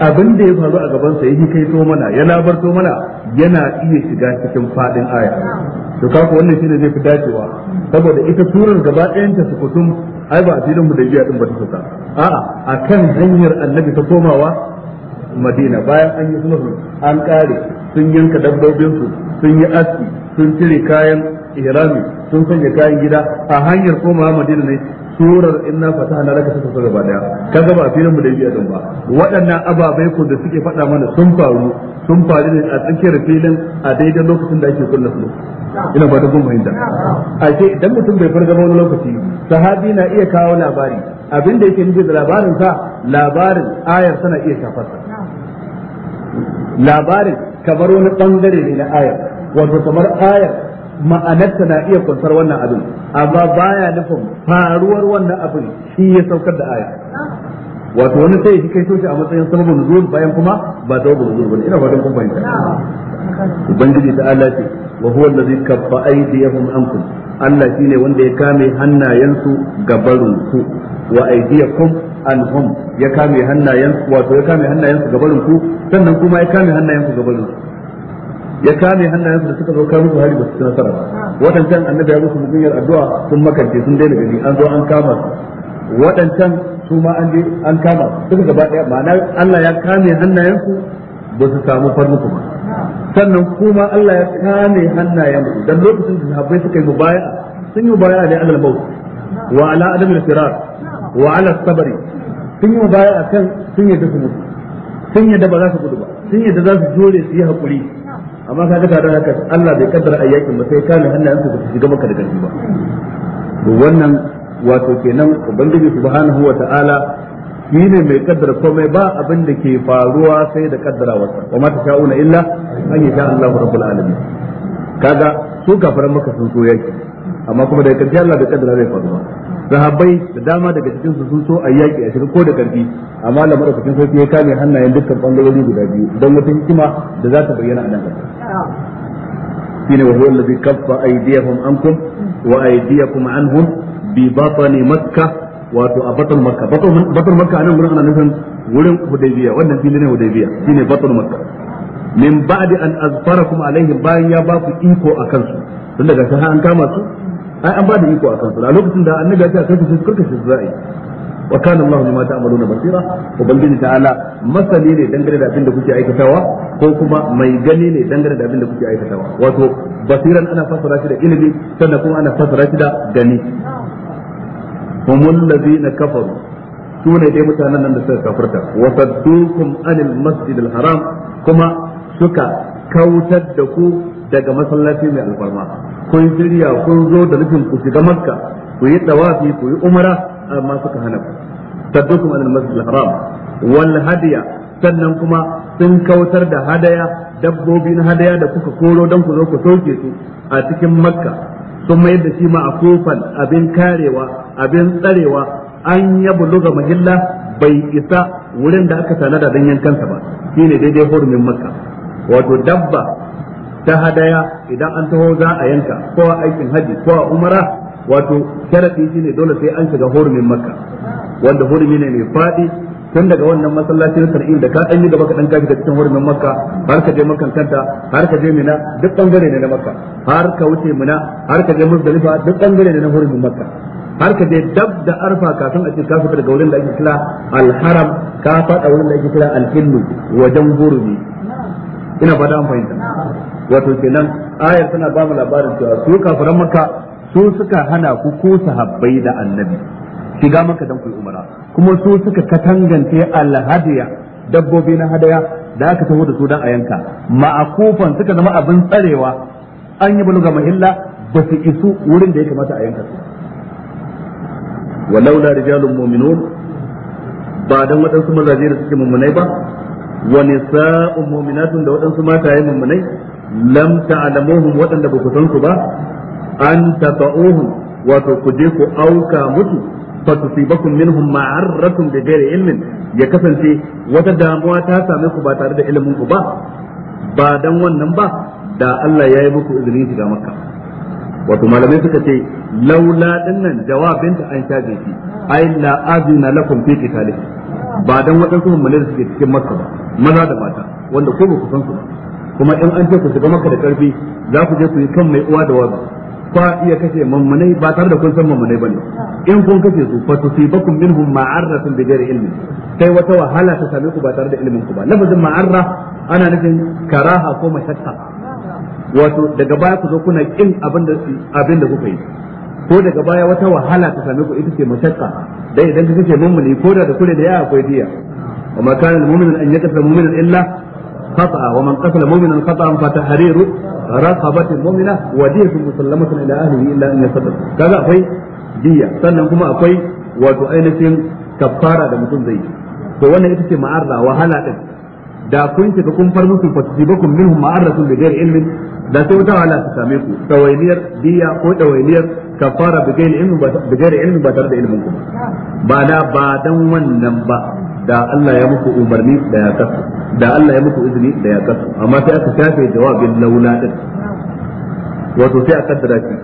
abin da ya faru a gaban sa yake kai to mana ya to mana yana iya shiga cikin fadin ayar to kaga wannan shine zai fi dacewa saboda ita surar gaba ɗayan ta sukutum ai ba a filin mu da biya din ba ta a a'a akan hanyar annabi ta komawa madina bayan an yi sulhu an kare sun yanka dabbobin su sun yi aski sun cire kayan ihrami sun sanya kayan gida a hanyar komawa madina ne surar inna fatahna laka fataha gaba daya kaga ba filin mu da biya don ba waɗannan ababai ko da suke faɗa mana sun faru sun faru ne a tsakiyar filin a daidai lokacin da ake kullu su ina ba ta kun fahimta a ce idan mutum bai farga wani lokaci sahabi na iya kawo labari abin da yake nufi da labarin sa labarin ayar tana iya shafar sa labarin kamar wani bangare ne na ayar wato kamar ayar ma'anarsa na iya kwantar wannan abin amma baya nufin faruwar wannan abin shi ya saukar da aya wato wani sai shi kai soke a matsayin sababin nuzul bayan kuma ba sababin nuzul bane ina fatan kun fahimta ubangiji ta Allah ce wa huwa allazi kaffa aydiyahum ankum Allah shine wanda ya kame hannayensu gabarun ku wa aydiyakum anhum ya kame hannayensu wato ya kame hannayensu gabarun ku sannan kuma ya kame hannayensu gabarun ku ya kame hannayen su da suka zo kawo musu ba su nasara waɗancan annabi ya musu mugunyar addu'a sun makance sun daina gari an zo an kama su, waɗancan su ma an je an kama su suka gaba ɗaya ma'ana Allah ya kame hannayensu ba su samu farnuku ba sannan kuma Allah ya kame hannayensu dan lokacin da sahabbai suka yi mubaya sun yi mubaya ne alal maut wa ala adam al-firar wa ala sabri sun yi mubaya akan sun yadda su mutu sun yadda ba za su gudu ba sun yadda za su jure su yi hakuri amma ga tare haka Allah bai kaddara ayyakin ba sai ka hannayenku ba su shiga maka da karfi ba to wannan wato kenan ubangiji subhanahu wa ta'ala ne mai kaddara komai ba abin da ke faruwa sai da wasa wa ma tasha'una illa an yasha Allahu rabbul alamin kaga su kafaran maka sun so yaki amma kuma da kaddara Allah bai kaddara zai faruwa sahabbai da dama daga cikin su sun so a yaƙi a cikin ko da karfi amma lamar da sun sarki ya kame hannayen dukkan bangarori guda biyu don wata hikima da za ta bayyana a nan gaba shine wa huwa allazi kaffa aydiyahum ankum wa aydiyakum anhum bi batni makkah wato a batar makka batar makka anan gurin ana nufin wurin hudaybiya wannan fili ne hudaybiya shine batar makka min ba'di an azfarakum alaihim bayan ya ba ku iko akan su tun daga sai an kama su ai an ba da iko a kansu a lokacin da annabi ya ce a kai su karkashe su za'i wa kana Allahu bima ta'maluna basira ubangiji ta'ala masani ne dangane da abin da kuke aikatawa ko kuma mai gani ne dangane da abin da kuke aikatawa wato basiran ana fassara shi da ilimi sannan kuma ana fassara shi da gani humul ladina kafaru sune dai mutanen nan da suka kafirta wa saddukum anil masjidil haram kuma suka kautar da ku daga masallaci mai alfarma kun shirya kun zo da nufin ku shiga makka ku yi tawafi ku yi umara amma suka hana ku saddukum anil masjid haram wal hadiya sannan kuma sun kautar da hadaya dabbobi na hadaya da kuka koro dan ku zo ku sauke su a cikin makka sun mayar da shi ma a kofan abin karewa abin tsarewa an ya buluga mahilla bai isa wurin da aka tanada don yankansa ba shine daidai hurumin makka wato dabba ta hadaya idan an taho za a yanka ko a aikin haji ko a umara wato sharadi shine dole sai an shiga hurumin makka wanda hurumi ne mai faɗi, tun daga wannan masallaci na sar'in da ka dan yi gaba ka dan kafi da cikin hurumin makka har ka je makan kanta har ka je mina duk bangare ne na makka har ka wuce mina har ka je muzdalifa duk bangare ne na hurumin makka har ka je dab da arfa kafin a ce ka fita daga wurin da ake kira alharam ka faɗa wurin da ake kira al-hillu wajen hurumi ina da an fahimta wato kenan ayar tana ba mu labarin cewa su kafiran makka su suka hana ku ko sahabbai da annabi shiga maka dan ku umara kuma su suka katangance alhadiya dabbobi na hadaya da aka taho da su dan a yanka ma'akufan suka zama abin tsarewa an yi buluga mahilla ba su isu wurin da ya kamata a yanka su walaula rijalun mu'minun ba dan waɗansu mazaje da suke mummunai ba wa nisa'un mu'minatun da waɗansu mataye mummunai lam ta'lamuhum waɗanda ba ku san su ba an tata'uhum wato ku je ku auka mutu musu fatusibakum minhum ma'arratun bi ghairi ilmin ya kasance wata damuwa ta sami ku ba tare da ilimin ku ba ba dan wannan ba da Allah ya yi muku izinin shiga makka wato malamai suka ce laula dinnan jawabinta an shaje shi ai na azina lakum fi ba dan waɗansu mummune da suke cikin makka ba maza da mata wanda ko ba ku san su ba kuma in an ce ku shiga makka da karfi za ku je ku yi kan mai uwa da wabi ba iya kashe mammanai ba tare da kun san ba ne in kun kashe su fa tusibakum minhum ma'arratun bi ghairi ilmi sai wata wahala ta same ku ba tare da ilimin ku ba lafazin ma'arra ana nufin karaha ko mashakka wato daga baya ku zo kuna kin abin da abin da kuka yi ko daga baya wata wahala ta same ku ita ce mashakka dai idan ka kace mummuni ko da da kure da ya akwai diya wa ma kana al-mu'minu an yaqtala mu'minan illa خطأ ومن قتل مؤمنا خطأ فتحرير رقبة مؤمنة ودية مسلمة إلى أهله إلا أن يصدق كذا أخوي دية سنة Da أخوي وتؤينة كفارة لمتون زي فوانا إتسي معارضة وهلا da kun shiga kun far musu fasibakum minhum ma'arratun bi ghairi ilmin da sai wata wala ta same ku dawainiyar diya ko dawainiyar kafara bigayar ilmin bigayar ilmin ba tare da ilmin kuma ba da ba dan wannan ba da Allah ya muku umarni da ya kasu da Allah ya muku izini da ya kasu amma sai aka shafe jawabin laula din wato sai a kaddara shi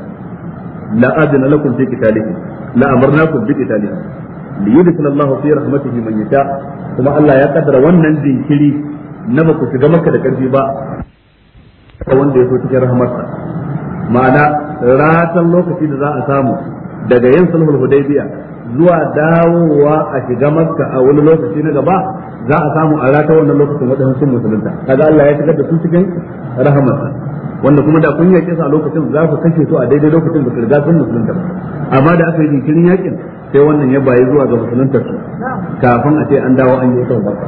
la adna lakum fi qitalihi la amarnakum bi qitalihi li yudkhil Allah fi rahmatihi man yasha kuma Allah ya kaddara wannan jinkiri na ba ku shiga maka da karfi ba wanda ya so cikin rahmarsa ma'ana ratan lokaci da za a samu daga yin sulhul hudaybiya zuwa dawowa a shiga makka a wani lokaci na gaba za a samu a rata wannan lokacin wadannan sun musulunta kaga Allah ya shigar da su cikin rahamarsa wanda kuma da kun yake su a lokacin za su kashe su a daidai lokacin da kirga sun musulunta amma da aka yi jinkirin yakin sai wannan ya bayi zuwa ga musuluntar su kafin a ce an dawo an yi tawba barka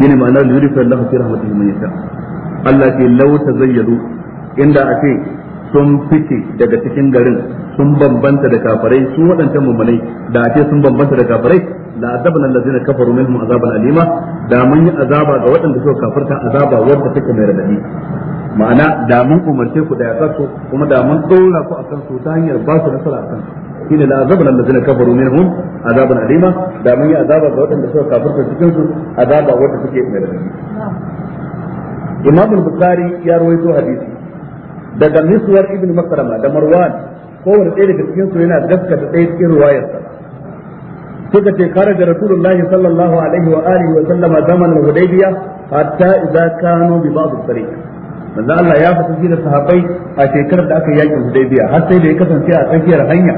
shine ma'anar fa Allah fi rahmatihi man yasha Allah ke lawta zayyadu inda a ce sun fice daga cikin garin sun bambanta da kafarai su waɗancan mummunai da a ce sun bambanta da kafarai la na allazina kafaru minhum azaban alima da mun yi azaba ga waɗanda suka kafarta azaba wanda take mai radadi ma'ana da mun umarce ku da ya kasu kuma da mun dora ku akan su ta hanyar ba su nasara akan su shine la azabna allazina kafaru minhum azaban alima da mun yi azaba ga waɗanda suka kafarta cikin su azaba wanda take mai radadi Imam Bukhari ya rawaito hadisi daga miswar ibn makarama da marwan kowane ɗaya daga cikin su yana gaskata ɗaya cikin ruwayarsa suka ce da rasulullahi sallallahu alaihi wa alihi wa sallama zaman hudaybiya hatta idza kanu bi ba'd tariq manzo Allah ya fita da sahabbai a shekarar da aka yaki hudaybiya har sai da ya kasance a tsakiyar hanya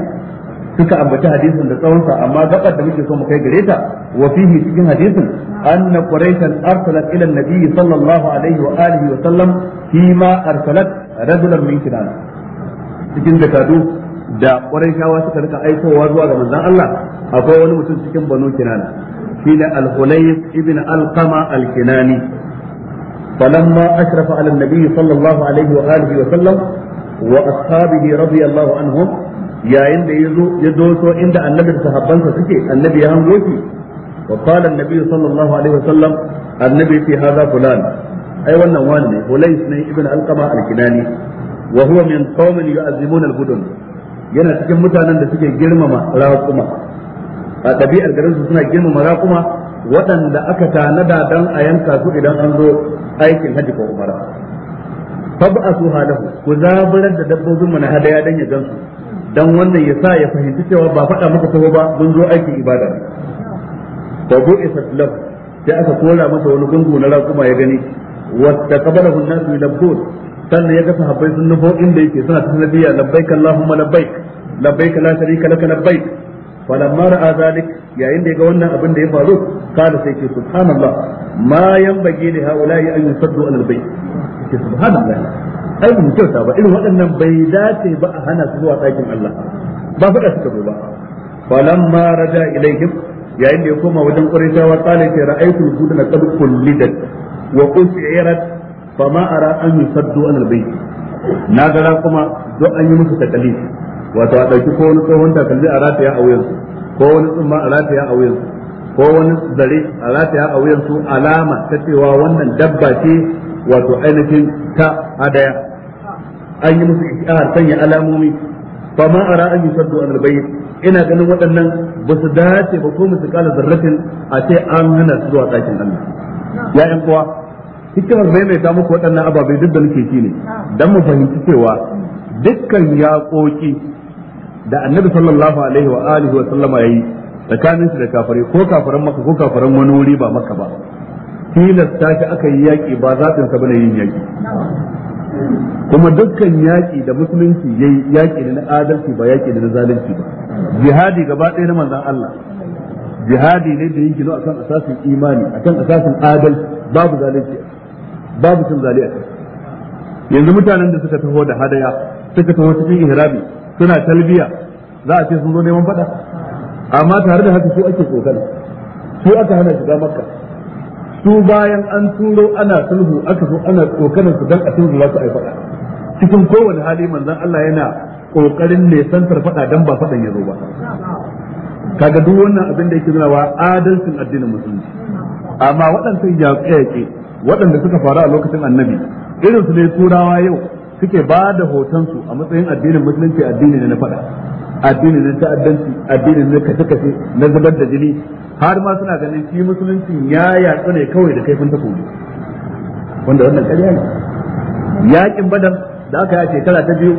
suka ambaci hadisin da tsawon sa amma gabar da muke so mu kai gare ta wa fihi cikin hadisin anna quraishan arsalat ila an-nabi sallallahu alaihi wa alihi wa sallam fima arsalat رجلا من كنانة cikin jakadu da ƙwarai shawa suka rika aikowa zuwa ga manzon Allah akwai wani mutum cikin banu kinana shi ne al-hulayf ibn al-qama al-kinani falamma ashrafa ala an-nabi sallallahu alaihi wa alihi wa sallam wa ashabihi radiyallahu anhum yayin da yazo ya doso inda annabi da sahabbansa suke annabi ya hango shi wa qala an sallallahu alaihi wa sallam annabi fi hadha fulan ai wannan wani ne hulais ne ibn alqama al-kinani wa huwa min qaumin yu'azzimuna al yana cikin mutanen da suke girmama raquma a ɗabi'ar garin su suna girmama raquma waɗanda aka tanada dan a yanka su idan an zo aikin hajji ko umara fab'asu halahu ku zaburar da dabbobin mu na hadaya dan ya gansu dan wannan ya sa ya fahimci cewa ba faɗa muku taho ba mun zo aikin ibada ne fa bu'isat lahu sai aka kora masa wani gungu na raƙuma ya gani واستقبله الناس يلبون sannan ya ga sahabbai sun nufo inda yake suna ta nabiya labbaik allahumma labbaik labbaik la sharika laka labbaik falamma ra'a zalik yayin da ya ga wannan abin da ya faru kada sai ce subhanallah ma yanbaghi li haula'i an yusaddu an albayt ce subhanallah ai mun kyauta ba irin waɗannan bai dace ba a hana su zuwa ɗakin Allah ba faɗa suka zo ba falamma raja ya koma wajen qurayshawa qala ta ra'aytul budna qad kullidat wa usirat fa ma ara an yusaddu an albayt na gara kuma duk an yi musu takalif wato a dauki ko wani tsohon takalmi a rataya a wuyansu ko wani tsumma a rataya a wuyansu ko wani zare a rataya a wuyansu alama ta cewa wannan dabba ce wato ainihin ta hadaya an yi musu ikihar sanya alamomi fa ma ara an yusaddu an albayt ina ganin waɗannan ba su dace ba ko musu kala zarratin a ce an hana su zuwa ɗakin Allah ya kuwa, uwa hikimar maimaita muku waɗannan ababai duk da muke shi ne dan mu fahimci cewa dukkan yaƙoƙi da annabi sallallahu alaihi wa alihi wa sallama yayi tsakanin shi da kafare ko kafaran maka ko kafaran wani wuri ba maka ba tilasta shi aka yi yaƙi ba zaɓin sa bane yin yaƙi kuma dukkan yaƙi da musulunci yayi yaƙi ne na adalci ba yaƙi ne na zalunci ba jihadi gaba ɗaya na manzon Allah jihadi ne da yake zo akan asasin imani akan asasin adal babu zalunci babu cin zali a yanzu mutanen da suka taho da hadaya suka taho cikin ihrabi suna talbiya za a ce sun zo neman fada amma tare da haka su ake kokari su aka hana shiga makka su bayan an turo ana sulhu aka zo ana kokarin su dan a sulhu za su ai fada cikin kowane hali manzon Allah yana kokarin ne santar fada dan ba fadan ya zo ba kaga duk wannan abin da yake nunawa adalcin addinin musulunci amma waɗansu yaƙe-yaƙe waɗanda suka faru a lokacin annabi irin su ne turawa yau suke ba da hotonsu a matsayin addinin musulunci addini ne na faɗa addini ne ta'addanci addini ne kashe-kashe na zubar da jini har ma suna ganin shi musulunci ya yaƙi ne kawai da kaifin takobi wanda wannan ƙarya ne yaƙin badar da aka yi a shekara ta biyu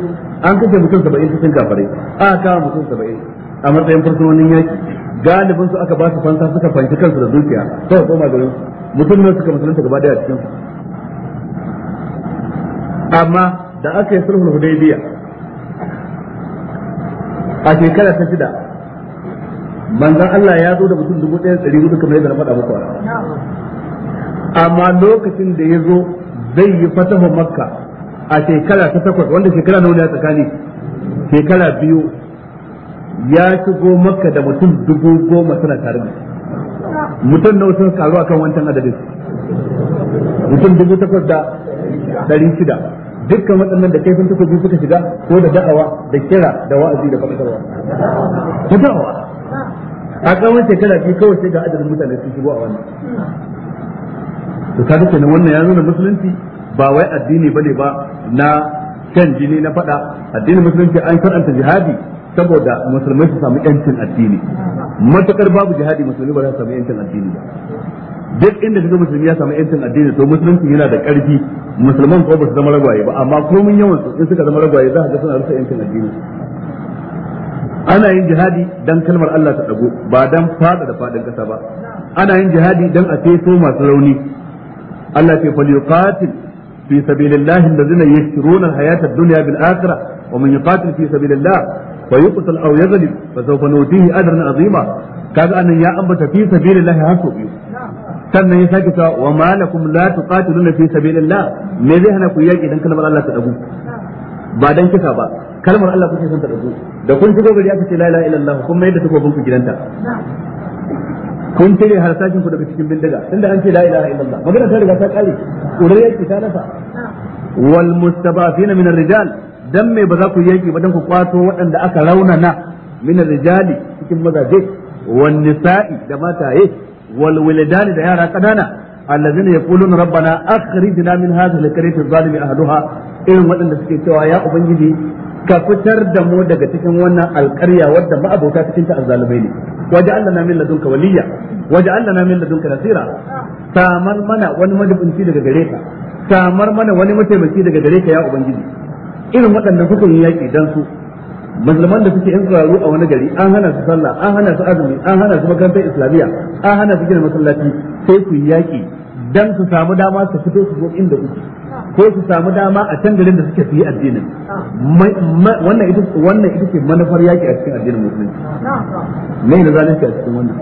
an kashe mutum saba'in cikin kafarai aka kama mutum saba'in a matsayin fursunonin yaki galibin su aka ba su fansa suka fanci kansu da dukiya suka koma gari mutum ne suka musulunta gaba daya cikin su amma da aka yi sulhul hudaybiya a shekara ta shida manzon Allah ya zo da mutum dubu ɗaya ɗari hudu kamar yadda na faɗa muku amma lokacin da ya zo zai yi fatahun makka a shekara ta takwas wanda shekara nawa ne a tsakani shekara biyu ya shigo makka da mutum dubu goma suna tare da mutum nawa sun karu akan wancan adadin mutum dubu takwas da ɗari shida dukkan waɗannan da kaifin takobi suka shiga ko da da'awa da kira da wa'azi da faɗakarwa ta da'awa a ƙawon shekara biyu kawai sai ga adadin mutane sun shigo a wannan to kaga kenan wannan ya nuna musulunci ba wai addini bane ba na kan jini na faɗa addinin musulunci an karanta jihadi saboda musulmai su samu yancin addini matukar babu jihadi musulmi ba za su samu yancin addini ba duk inda kaga musulmi ya samu yancin addini to musulunci yana da karfi musulman ko ba su zama ragwaye ba amma komin yawan su in suka zama ragwaye za a ga suna rusa yancin addini ana yin jihadi dan kalmar Allah ta dago ba dan fada da fadin kasa ba ana yin jihadi dan a ceto masu rauni Allah ce falyuqatil fi sabilillahi allazina yashruna alhayata ad-dunya bil akhirah wa man yuqatil fi sabilillah fa yuqtal aw yaghlib fa sawfa nutihi ajran azima kaga anan ya ambata fi sabilillahi hasu biyu sannan ya sake cewa wa malakum la tuqatiluna fi sabilillah me hana ku yaki dan kalmar Allah ta dagu ba dan kisa ba kalmar Allah kuke son ta da kun shigo gari aka ce la ilaha illallah kun mai da takobin ku gidanta kun cire harsashin ku daga cikin bindiga inda an ce la ilaha illallah magana ta riga ta kare kurar yaki ta nasa wal mustabafina min ar-rijal dan me ba za ku yanki ba dan ku kwato waɗanda aka raunana min rijali cikin mazaje wan nisa'i da mataye wal wuladani da yara kanana allazina yaquluna rabbana akhrijna min hadhihi al-qaryati adh-dhalimi ahluha irin waɗanda suke cewa ya ubangiji ka fitar da mu daga cikin wannan alƙarya wadda ma'abota cikin ta azzalumai ne waje Allah na min ladunka waliya waje Allah na min ladunka nasira samar mana wani madubinci daga gare ka samar mana wani mataimaki daga gare ka ya ubangiji irin waɗanda kuka yi yaƙi dan su musulman da suke yan tsararru a wani gari an hana su sallah an hana su azumi an hana su makarantar islamiyya an hana su gina masallaci sai su yi yaƙi dan su samu dama su fito su zo inda kuke ko su samu dama a can garin da suke su yi addinin wannan ita wannan ita ce manufar yaƙi a cikin addinin musulunci me ne zalunci a cikin wannan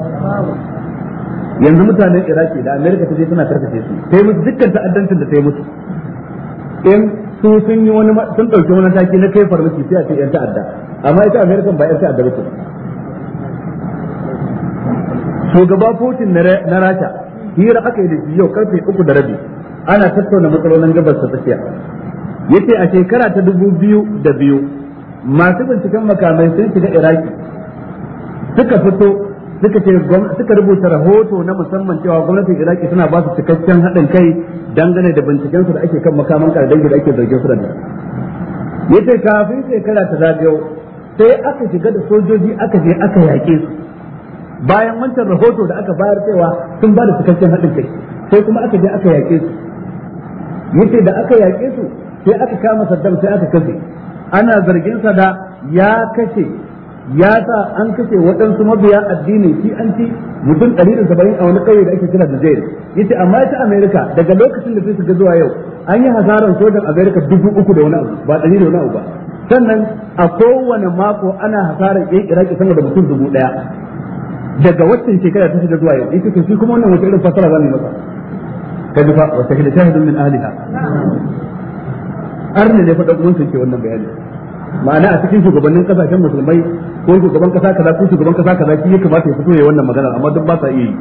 yanzu mutanen iraki da amerika ta je tana karkace su sai musu dukkan ta'addancin da ta yi musu in sun sun yi wani sun dauki wani taki na kai farmaki sai a ce yan ta'adda amma ita American ba yan ta'adda bace shugaba Putin na Rasha hira aka yi da shi yau karfe uku da rabi ana tattauna matsalolin gabas ta tsakiya yace a shekara ta dubu biyu da biyu masu binciken makamai sun shiga Iraki suka fito suka ce suka rubuta rahoto na musamman cewa gwamnatin iraki suna ba su cikakken haɗin kai dangane da binciken su da ake kan makaman kardangi da ake zargin su da yace kafin shekara ta zagayo sai aka shiga da sojoji aka je aka yaƙe su bayan wancan rahoto da aka bayar cewa sun ba da cikakken haɗin kai sai kuma aka je aka yaƙe su yace da aka yaƙe su sai aka kama saddam sai aka kashe ana zargin sa da ya kashe ya sa an kace waɗansu mabiya addini shi an ci mutum ɗari da saba'in a wani ƙauye da ake kira da Ya ce amma ta amerika daga lokacin da sai shiga zuwa yau an yi hasaran sojan amerika dubu uku da wani abu ba ɗari da wani abu ba sannan a kowane mako ana hasaran yan iraki sama da mutum dubu ɗaya daga wacce shekara ta shiga zuwa yau yace ce shi kuma wannan wata irin fasara za mu masa ji fa wa shahida shahidun min ahliha arne ne fa da uwansa ke wannan bayani ma'ana a cikin shugabannin kasashen musulmai ko shugaban kasa kaza ko shugaban kasa kaza shi ya kamata ya fito ya wannan magana amma duk ba sa iya yi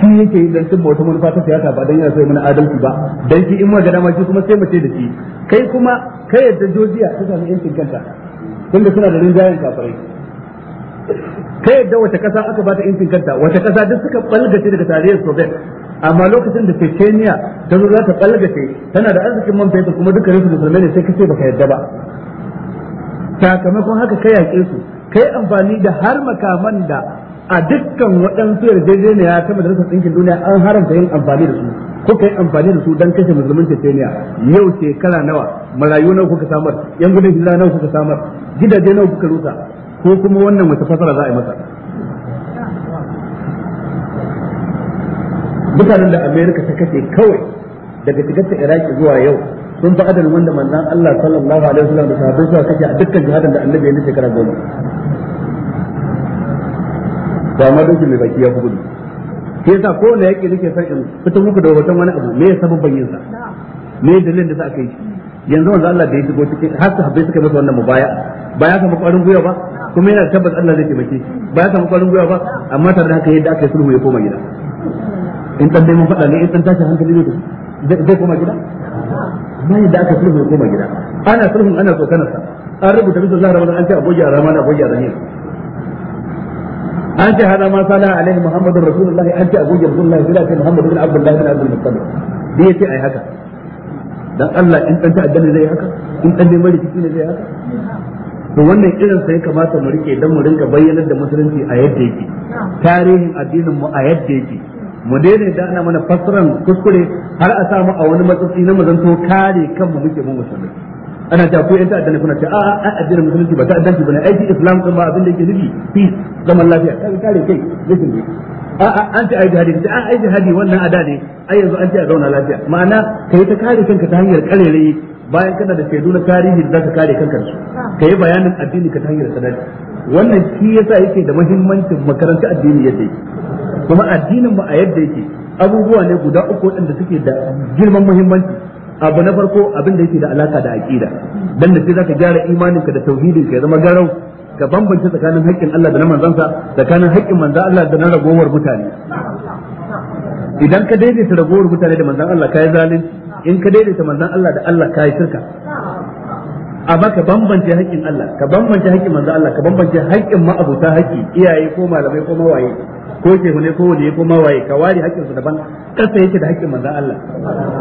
shi yake yi dan cimma wata manufa ta siyasa ba dan yana so ya mana adalci ba dan shi in magana ma shi kuma sai mace ce da shi kai kuma kai yadda jojiya ta samu yancin kanta tunda suna da rinjayen kafirai kai yadda wata kasa aka bata yancin kanta wata kasa duk suka balgace daga tarihin soviet amma lokacin da Chechnya ta zo za ta tana da arzikin man fetur kuma duka rufe musulmai ne sai kace baka yadda ba sakamakon haka ka yaƙe su kai amfani da har makaman da a dukkan waɗansu yarjejeniya ta majalisar ɗinkin duniya an haramta yin amfani da su kuka yi amfani da su don kashe musulmin Chechnya yau shekara nawa marayu nawa kuka samar yan gudun hijira nawa kuka samar gidaje nawa kuka rusa ko kuma wannan wata fasara za a yi masa mutanen da Amerika ta kashe kawai daga shigarta iraki zuwa yau sun fi adadin wanda manzan allah sallallahu alaihi wasallam da sahabbai suka kashe a dukkan jihadin da annabi ya shekara goma ba ma dukkan mai baki ya fi gudu ke sa ko wanda yake nake son in fito muku da hoton wani abu me ya sababban yin sa me dalilin da a kai shi yanzu manzo Allah da ya shigo cikin har sahabbai suka masa wannan mu ba ya samu kwarin gwiwa ba kuma yana tabbas Allah zai taimake shi ba ya samu kwarin gwiwa ba amma tare da haka yadda aka yi sulhu ya koma gida in dan dai mun faɗa ne in dan tashin hankali ne zai koma gida ba yadda aka sulhu ya koma gida ana sulhun ana tsokanar sa an rubuta bisu Allah ramadan an ce abuja a rama ramana abuja a rahim an ce hada ma sala alaihi muhammadun rasulullahi an ce abuja rasulullahi sai da ce muhammadu bin abdullahi bin abdul muttalib dai ce ai haka dan Allah in dan ta'addani zai haka in dan dai mari ne zai haka to wannan irin sai kamata mu rike dan mu rinka bayyana da musulunci a yadda yake tarihin addinin mu a yadda yake mu daina da ana mana fasiran kuskure har a samu a wani matsatsi na mazanto kare kanmu muke mu musulmi ana ta ko yan ta'adda ne kuna ce a a addinin musulunci ba ta'addanci bane aiki islam din ba abin da yake nufi peace zaman lafiya kai kare kai rashin ne a a an ta aiki hadisi a aiki hadi wannan ada ne ai yanzu an ce a zauna lafiya ma'ana kai ta kare kanka ta hanyar karere bayan kana da shaidu na tarihi da zaka kare kanka su kai bayanin addini ka ta hanyar sanadi wannan shi yasa yake da muhimmancin makaranta addini yadda yake kuma addinin mu a yadda yake abubuwa ne guda uku waɗanda suke da girman muhimmanci abu na farko abin da yake da alaka da aqida dan da sai zaka gyara imaninka da tauhidinka ya zama garau ka bambance tsakanin haƙƙin Allah da na manzansa tsakanin haƙƙin manzan Allah da na ragowar mutane idan ka daidaita ragowar mutane da manzan Allah kai zalunci in ka daidaita manzan Allah da Allah kai shirka amma ka bambance haƙƙin Allah ka bambance haƙƙin manzan Allah ka bambance haƙƙin ma'abuta haƙƙi iyaye ko malamai ko mawaye ko ke ne ko wani ko mawaye ka ware hakkin su daban kasa yake da hakkin manzon Allah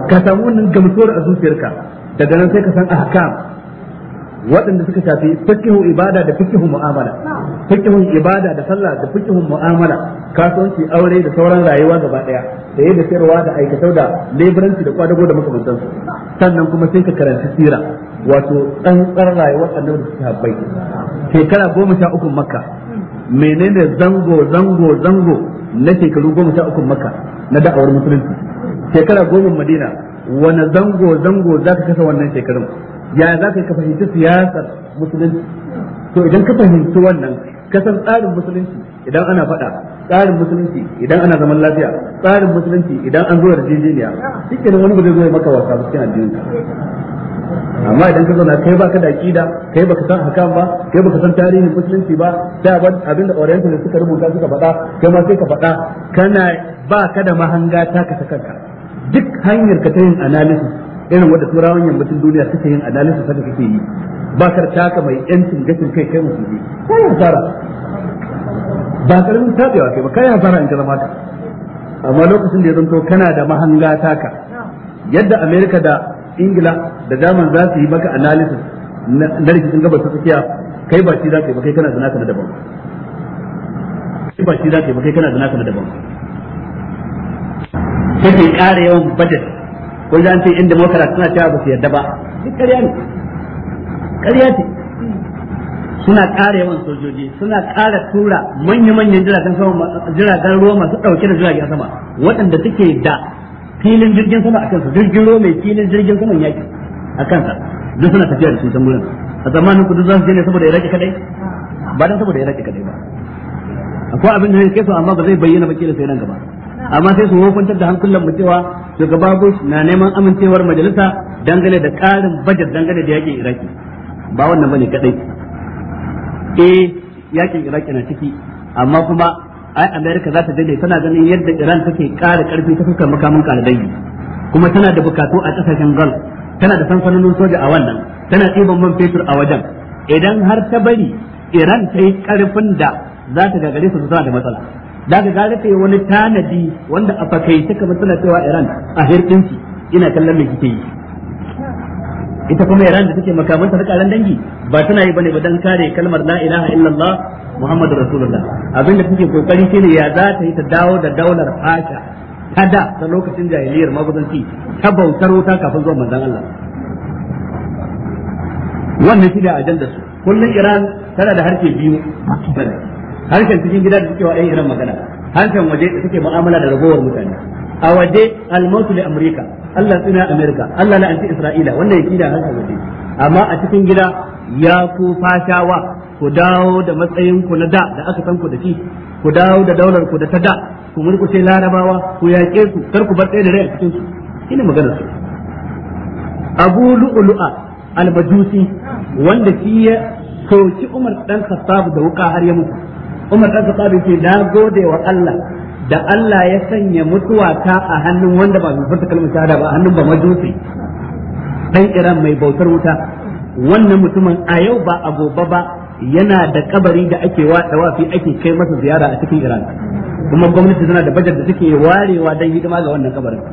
ka samu wannan gamsuwar a zuciyarka daga nan sai ka san ahkam waɗanda suka shafi fikihu ibada da fikihu mu'amala fikihun ibada da sallah da fikihun mu'amala kasuwanci aure da sauran rayuwa gaba daya da yadda sayarwa da aikatau da leburanci da kwadago da makamantan su sannan kuma sai ka karanci sira wato tsantsar rayuwar annabi da sahabbai shekara goma sha uku makka menene zango zango zango na shekaru goma sha uku maka na da'awar musulunci shekara goma madina wani zango zango za ka kasa wannan shekarun ya za ka yi ka fahimci siyasar musulunci to idan ka fahimci wannan kasan tsarin musulunci idan ana faɗa tsarin musulunci idan ana zaman lafiya tsarin musulunci idan an zuwa da jijiniya shi wani ba zai zo maka wasa cikin addinin amma idan ka zauna kai baka da aqida kai baka san hakan ba kai baka san tarihin musulunci ba sai abin abinda oriental suka rubuta suka faɗa kai ma sai ka faɗa kana ba ka da mahanga ta ka ta kanka duk hanyar ka ta yin analysis irin wanda turawan yammacin duniya suka yin analysis haka kake yi ba ka taka mai yancin gashin kai kai musulmi ko fara. ba karamin tabewa kai ba kai fara in ka zama ka amma lokacin da ya zanto kana da mahanga taka yadda america da ingila da daman za su yi maka analysis na rikicin gabas ta tsakiya kai ba shi za ka yi ba kai kana zina kana daban kai ba shi za ka yi kai kana zina kana daban take ƙara yawan budget ko za ce inda makara suna cewa ba su yarda ba duk ƙarya ne ƙarya ce suna kare yawan sojoji suna ƙara tura manya-manyan jiragen ruwa masu ɗauke da jiragen sama waɗanda suke da filin jirgin sama a kansa jirgin ruwa mai filin jirgin sama yaki a kansa duk suna tafiya da su can gurin a zamanin ku duk za su je ne saboda iraki kadai ba dan saboda iraki kadai ba akwai abin da yake so amma ba zai bayyana ba kila sai nan gaba amma sai su hukuntar da hankulan mu cewa shugaba Bush na neman amincewar majalisa dangane da karin bajet dangane da yakin Iraki ba wannan bane kadai eh yakin Iraki na ciki amma kuma ai America za ta daidai tana ganin yadda Iran take kare karfi ta fuskar makamin kalabai kuma tana da bukatu a kasashen gal tana da sansanonin soja a wannan tana tsibon man fetur a wajen idan har ta bari Iran ta yi karfin da za ta gagare su tana da matsala da ga gare ta wani tanadi wanda a fakai ta kamar tana cewa Iran a hirɗinki ina kallon me kike yi ita kuma Iran da take makamanta ta karan dangi ba tana yi bane ba dan kare kalmar la ilaha illallah muhammadur rasulullah abin da take kokari shine ya za ta yi ta dawo da daular Fasha ta da ta lokacin jahiliyar maguzanci ta bautar wuta kafin zuwa manzon Allah wannan shi da ajandar su kullum Iran tana da harshe biyu harshen cikin gida da suke wa ɗan Iran magana harshen waje da suke mu'amala da ragowar mutane a waje almautu li amurka Allah tsina amurka Allah na anti isra'ila wannan ya kida hanka waje amma a cikin gida ya ku fashawa ku dawo da matsayin ku na da da aka san ku da shi ku dawo da daular ku da ta da ku murkushe larabawa ku yaƙe su kar ku bar ɗaya da rai a cikin su ina magana su abu lu'ulu'a al wanda shi ya soki umar dan khattab da wuka har ya mutu umar dan khattab ce na gode wa Allah da Allah ya sanya mutuwa ta a hannun wanda ba mai furta kalmar shahada ba a hannun ba majusi dan Iran mai bautar wuta wannan mutumin a yau ba a gobe ba yana da kabari da ake wafi ake kai masa ziyara a cikin Iran kuma gwamnati tana da bajar da take warewa dan hidima ga wannan kabarin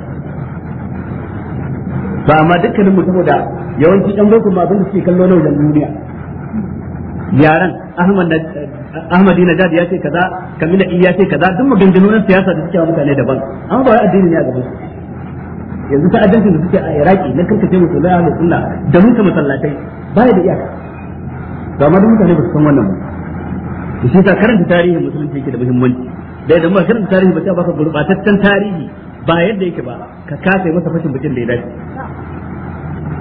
ba amma dukkanin mutum da yawanci ɗan boko ma abin da suke kallo na wajen duniya yaran na najad ya ce kaza kamila iya ce kaza duk maganganu na siyasa da suke wa mutane daban An ba wai addini ne a gaban yanzu ta addinin da suke a iraki na karkace musulmai ahlus sunna da nuka masallatai ya da iyaka to amma duk mutane ba su san wannan ba shi ta karanta tarihin musulunci yake da muhimmanci da idan ba karanta tarihi ba ba baka gurbataccen tarihi ba yadda yake ba ka kafe masa fashin bikin da ya dace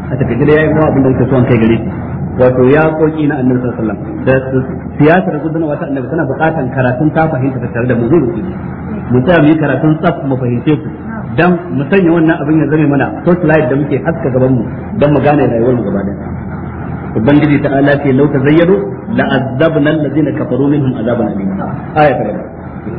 a takaice da yayin abin da yake so an kai gare shi wato ya koki na annabi sallallahu alaihi wasallam da siyasar gudanarwa wata annabi tana bukatan karatun ta fahimta tare da mu mu tsaya karatun tsaf mu fahimce ku dan mu sanya wannan abin ya zame mana slide da muke haska gaban mu dan mu gane rayuwar mu gaba daya ubangiji ta ala ce lauta ta la azabna allazina kafaru minhum azaban alim aya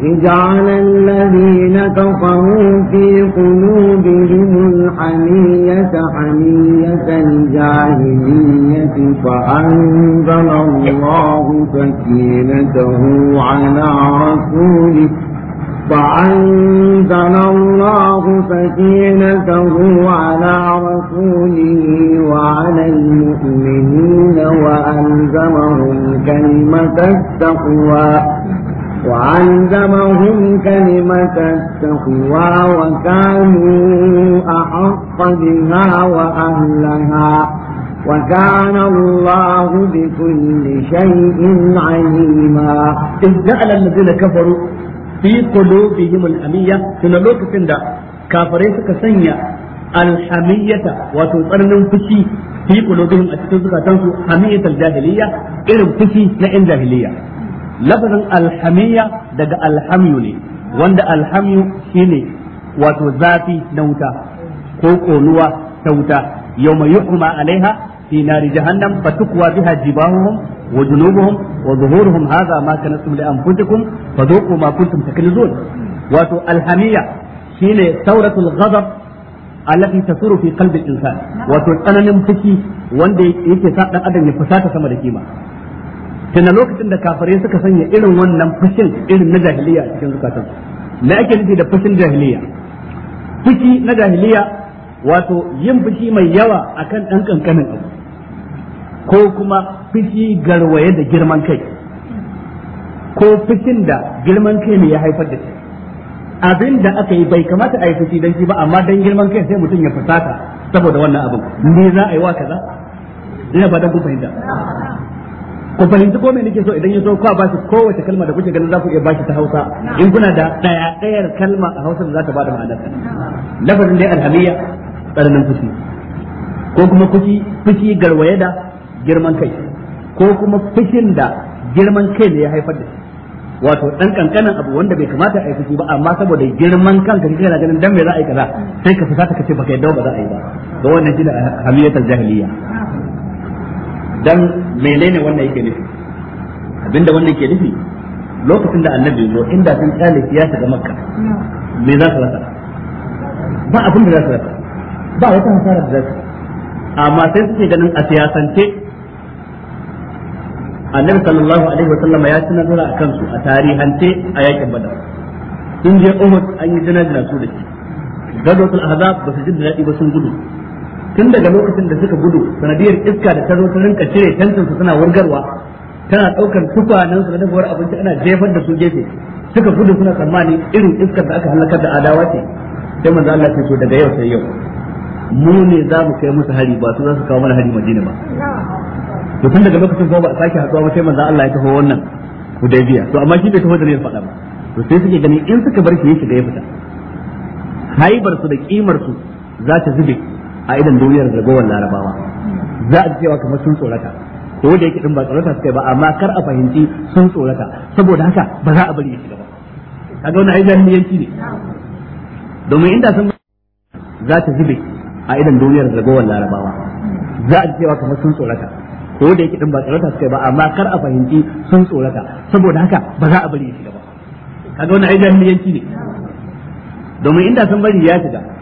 اجعل الذين كفروا في قلوبهم الحمية حمية الجاهلية فأنزل الله سكينته على رسوله فأنزل الله سكينته على رسوله وعلى المؤمنين وألزمهم كلمة التقوى وعلمهم كلمة التقوى وكانوا أحق بها وأهلها وكان الله بكل شيء عليما إذ جعل الذين كفروا في قلوبهم الأمية في لوك سندا كافرين سكسنيا الحمية وتقرن فشي في قلوبهم أتكون حمية الجاهلية إرم فشي لإن جاهلية lafazin alhamiyya daga alhamyu ne wanda alhamyu shine wato zafi na wuta ko konuwa ta wuta mai yuhma alaiha fi nari jahannam fatukwa biha jibahuhum wa junubuhum wa zuhuruhum hadha ma kanastum li anfusikum fadhuqu ma kuntum taknizun wato alhamiyya shine sauratul ghadab allati tasuru fi qalbi al-insan wato tsananin fushi wanda yake sa dan adam ya fusata sama da kima tana lokacin da kafirai suka sanya irin wannan fushin irin na jahiliya cikin zukatan me ake nufi da fushin jahiliya fushi na jahiliya wato yin fushi mai yawa akan ɗan ƙanƙanin abu ko kuma fushi garwaye da girman kai ko fushin da girman kai ne ya haifar da shi abin da aka yi bai kamata a yi fushi don shi ba amma don girman kai sai mutum ya fusata saboda wannan abin me za a yi wa kaza ina ba don ku fahimta ku fahimci ko me nake so idan yazo zo ku ba shi kowace kalma da kuke ganin za ku iya ba shi ta Hausa in kuna da daya dayar kalma a Hausa da za ta bada ma'ana lafazin dai alhamiyya tsananin fushi ko kuma fushi fushi garwaye da girman kai ko kuma fushin da girman kai ne ya haifar da shi wato dan kankanan abu wanda bai kamata a yi fushi ba amma saboda girman kanka kake yana ganin dan me za a yi kaza sai ka fusata kace baka yadda ba za a yi ba ga wannan shi da hamiyatul jahiliya dan menene wannan yake nufi abinda wannan ke nufi lokacin da annabi zo inda sun kyale ya shiga makka me za su rasa ba abin da za su rasa ba wata hasara da za su amma sai suke ganin a siyasance annabi sallallahu alaihi wasallam ya ci nazara a kansu a tarihance a yakin badar sun je uhud an yi janajina su da shi Gado gazotul ahzab ba su jin daɗi ba sun gudu tun daga lokacin da suka gudu sanadiyar iska da ta zo ta rinka cire tantin su suna wurgarwa tana daukar tufanin su na dafuwar abinci ana jefar da su gefe suka gudu suna tsammani irin iskar da aka halakar da adawa ce sai manzo Allah ya so daga yau sai yau mu ne za mu kai musu hari ba su za su kawo mana hari Madina ba to tun daga lokacin ba a sake hatsuwa ba sai manzo Allah ya tafi wannan Hudaybiya to amma shi bai tafi da ne faɗa ba to sai suke ganin in suka bar shi yake da ya fita haibar su da kimar su za ta zube a idan duniyar ragowar larabawa za a cewa kamar sun tsorata ko da yake din ba tsorata suka ba amma kar a fahimci sun tsorata saboda haka ba za a bari ya shiga ba kaga wannan ai jahiliyanci ne domin inda sun za ta zube a idan duniyar ragowar larabawa za a cewa kamar sun tsorata ko da yake din ba tsorata suka ba amma kar a fahimci sun tsorata saboda haka ba za a bari ya shiga ba kaga wannan ai jahiliyanci ne domin inda sun bari ya shiga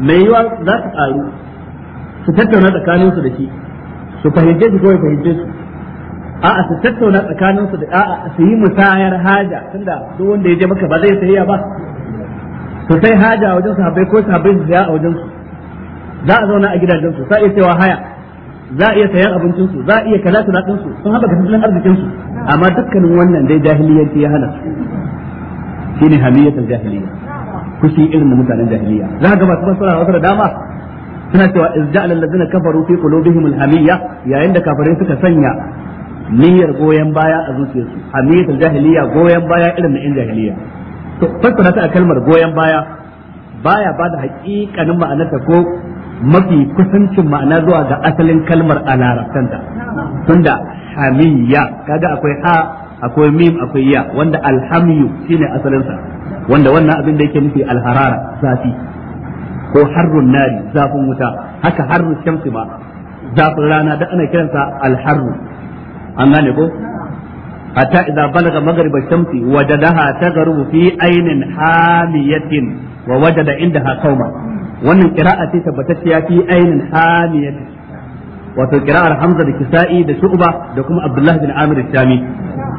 mai yiwa za su karu su tattauna tsakanin su da shi su fahimce su ko ya fahimce su a'a su tattauna tsakanin su da a'a su yi musayar haja tunda duk wanda ya je maka ba zai sayya ba su sai haja a wajen haɓe ko su haɓe su saya a wajen su za a zauna a gidajen su iya cewa haya za a iya sayan abincin su za a iya kala tunatin su sun haɓaka tattalin arzikin su amma dukkanin wannan dai jahiliyyar ya hana su shine hamiyatul jahiliyya fushi irin da mutanen jahiliya za ga masu fassara wasu da dama suna cewa izja'al allazina kafaru fi qulubihim alhamiyya yayin da kafirai suka sanya niyyar goyen baya a zuciyarsu hamiyatul jahiliya goyen baya irin na jahiliya to fassara ta kalmar goyen baya baya ba da hakikanin ma'anarta ko mafi kusancin ma'ana zuwa ga asalin kalmar a larabtanta tunda hamiyya kaga akwai a. akwai mim akwai ya wanda alhamyu shine asalinsa wanda wannan abin da yake nufi alharara zafi ko harrun nari zafin wuta haka harru shamsi ma zafin rana da ana kiransa alharru an gane ko hatta idza balaga maghriba shamsi wajadaha tagrubu fi aynin hamiyatin wa wajada indaha qauma wannan qira'a ce tabbatacciya fi aynin hamiyatin wato kira'ar Hamza da Kisa'i da Shu'ba da kuma Abdullah bin Amir al-Shami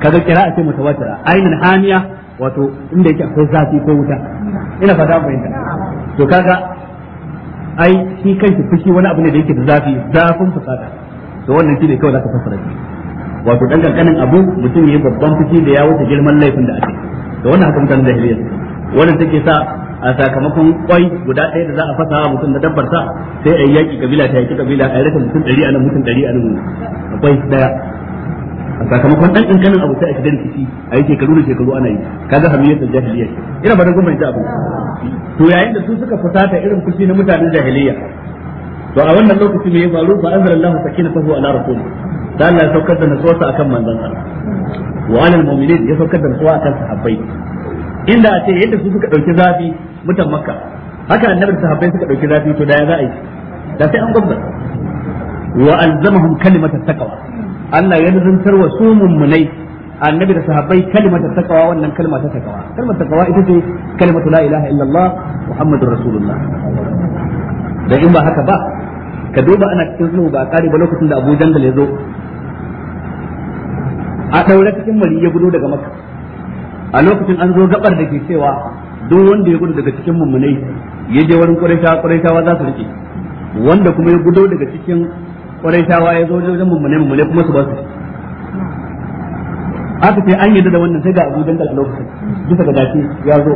kaga kira'a ce mutawatira ainin hamiya wato inda yake akwai zafi ko wuta ina fata fahimta to kaga ai shi kanki fushi wani abu ne da yake da zafi zafin fusata to wannan shine kawai zaka fassara shi wato dan kankanin abu mutum yayi babban fushi da ya wuce girman laifin da ake to wannan haka mutanen jahiliya wannan take sa a sakamakon kwai guda ɗaya da za a fasa mutum da dabbar sa sai a yi yaƙi kabila ta yaƙi kabila a yi rasa mutum ɗari a nan mutum ɗari a nan akwai ɗaya a sakamakon ɗan ƙanƙanin abu sai a shiga rikici a yi shekaru da shekaru ana yi kaga hamiyatul jahiliya ina ba da gwamnati abu to yayin da su suka fusata irin kushi na mutanen jahiliya to a wannan lokaci me ya faru fa anzalallahu sakinatahu ala rasul dan Allah ya saukar da nutsuwa akan manzon Allah wa alal mu'minin ya saukar da nutsuwa akan sahabbai inda a ce yadda su suka dauki zafi mutan makka haka annabi da sahabbai suka dauki zafi to da ya za a yi da sai an gwamnati wa alzamahum kalimata taqwa Allah ya nuzantar wa su mummunai annabi da sahabbai kalimata taqwa wannan kalma ta taqwa kalmar taqwa ita ce kalimatu la ilaha illallah muhammadur rasulullah da in ba haka ba ka duba ana cikin sulhu ba kare ba lokacin da Abu Jandal ya zo a ɗaure cikin mari ya gudu daga Makka a lokacin an zo gabar da ke cewa duk wanda ya gudu daga cikin mummunai ya je wurin quraisha quraishawa za su rike wanda kuma ya gudo daga cikin quraishawa ya zo wajen mummunai mummunai kuma su ba su aka ce an yadda da wannan sai ga Abu Dandal a lokacin bisa ga dace ya zo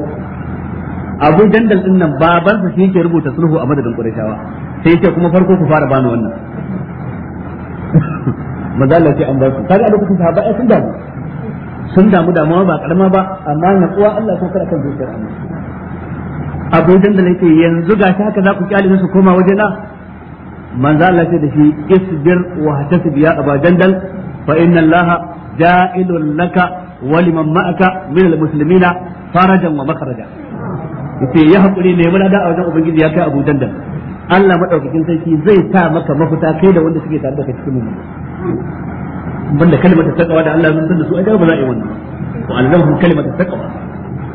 Abu Dandal din nan baban sa shi yake rubuta sulhu a madadin Qurayshawa sai yake kuma farko ku fara bani wannan maza ce an ba su kaga a lokacin sahaba ai sun damu sun damu damuwa ba karama ba amma natsuwa Allah ya kan zuciyar a abu dan da nake yanzu ga shi haka za ku kyale su koma waje na manzo Allah ce da shi isbir wa hatasib ya aba dandal fa inna Allah ja'ilul laka wa liman ma'aka min farajan wa makharaja yace ya hakuri ne mun da a wajen ubangiji ya kai abu dandal Allah madaukakin sarki zai sa maka mafita kai da wanda suke tare da kai cikin mu banda kalmar ta takawa da Allah ya san da su ai ba za a yi wannan wa alzamhum kalmar ta takawa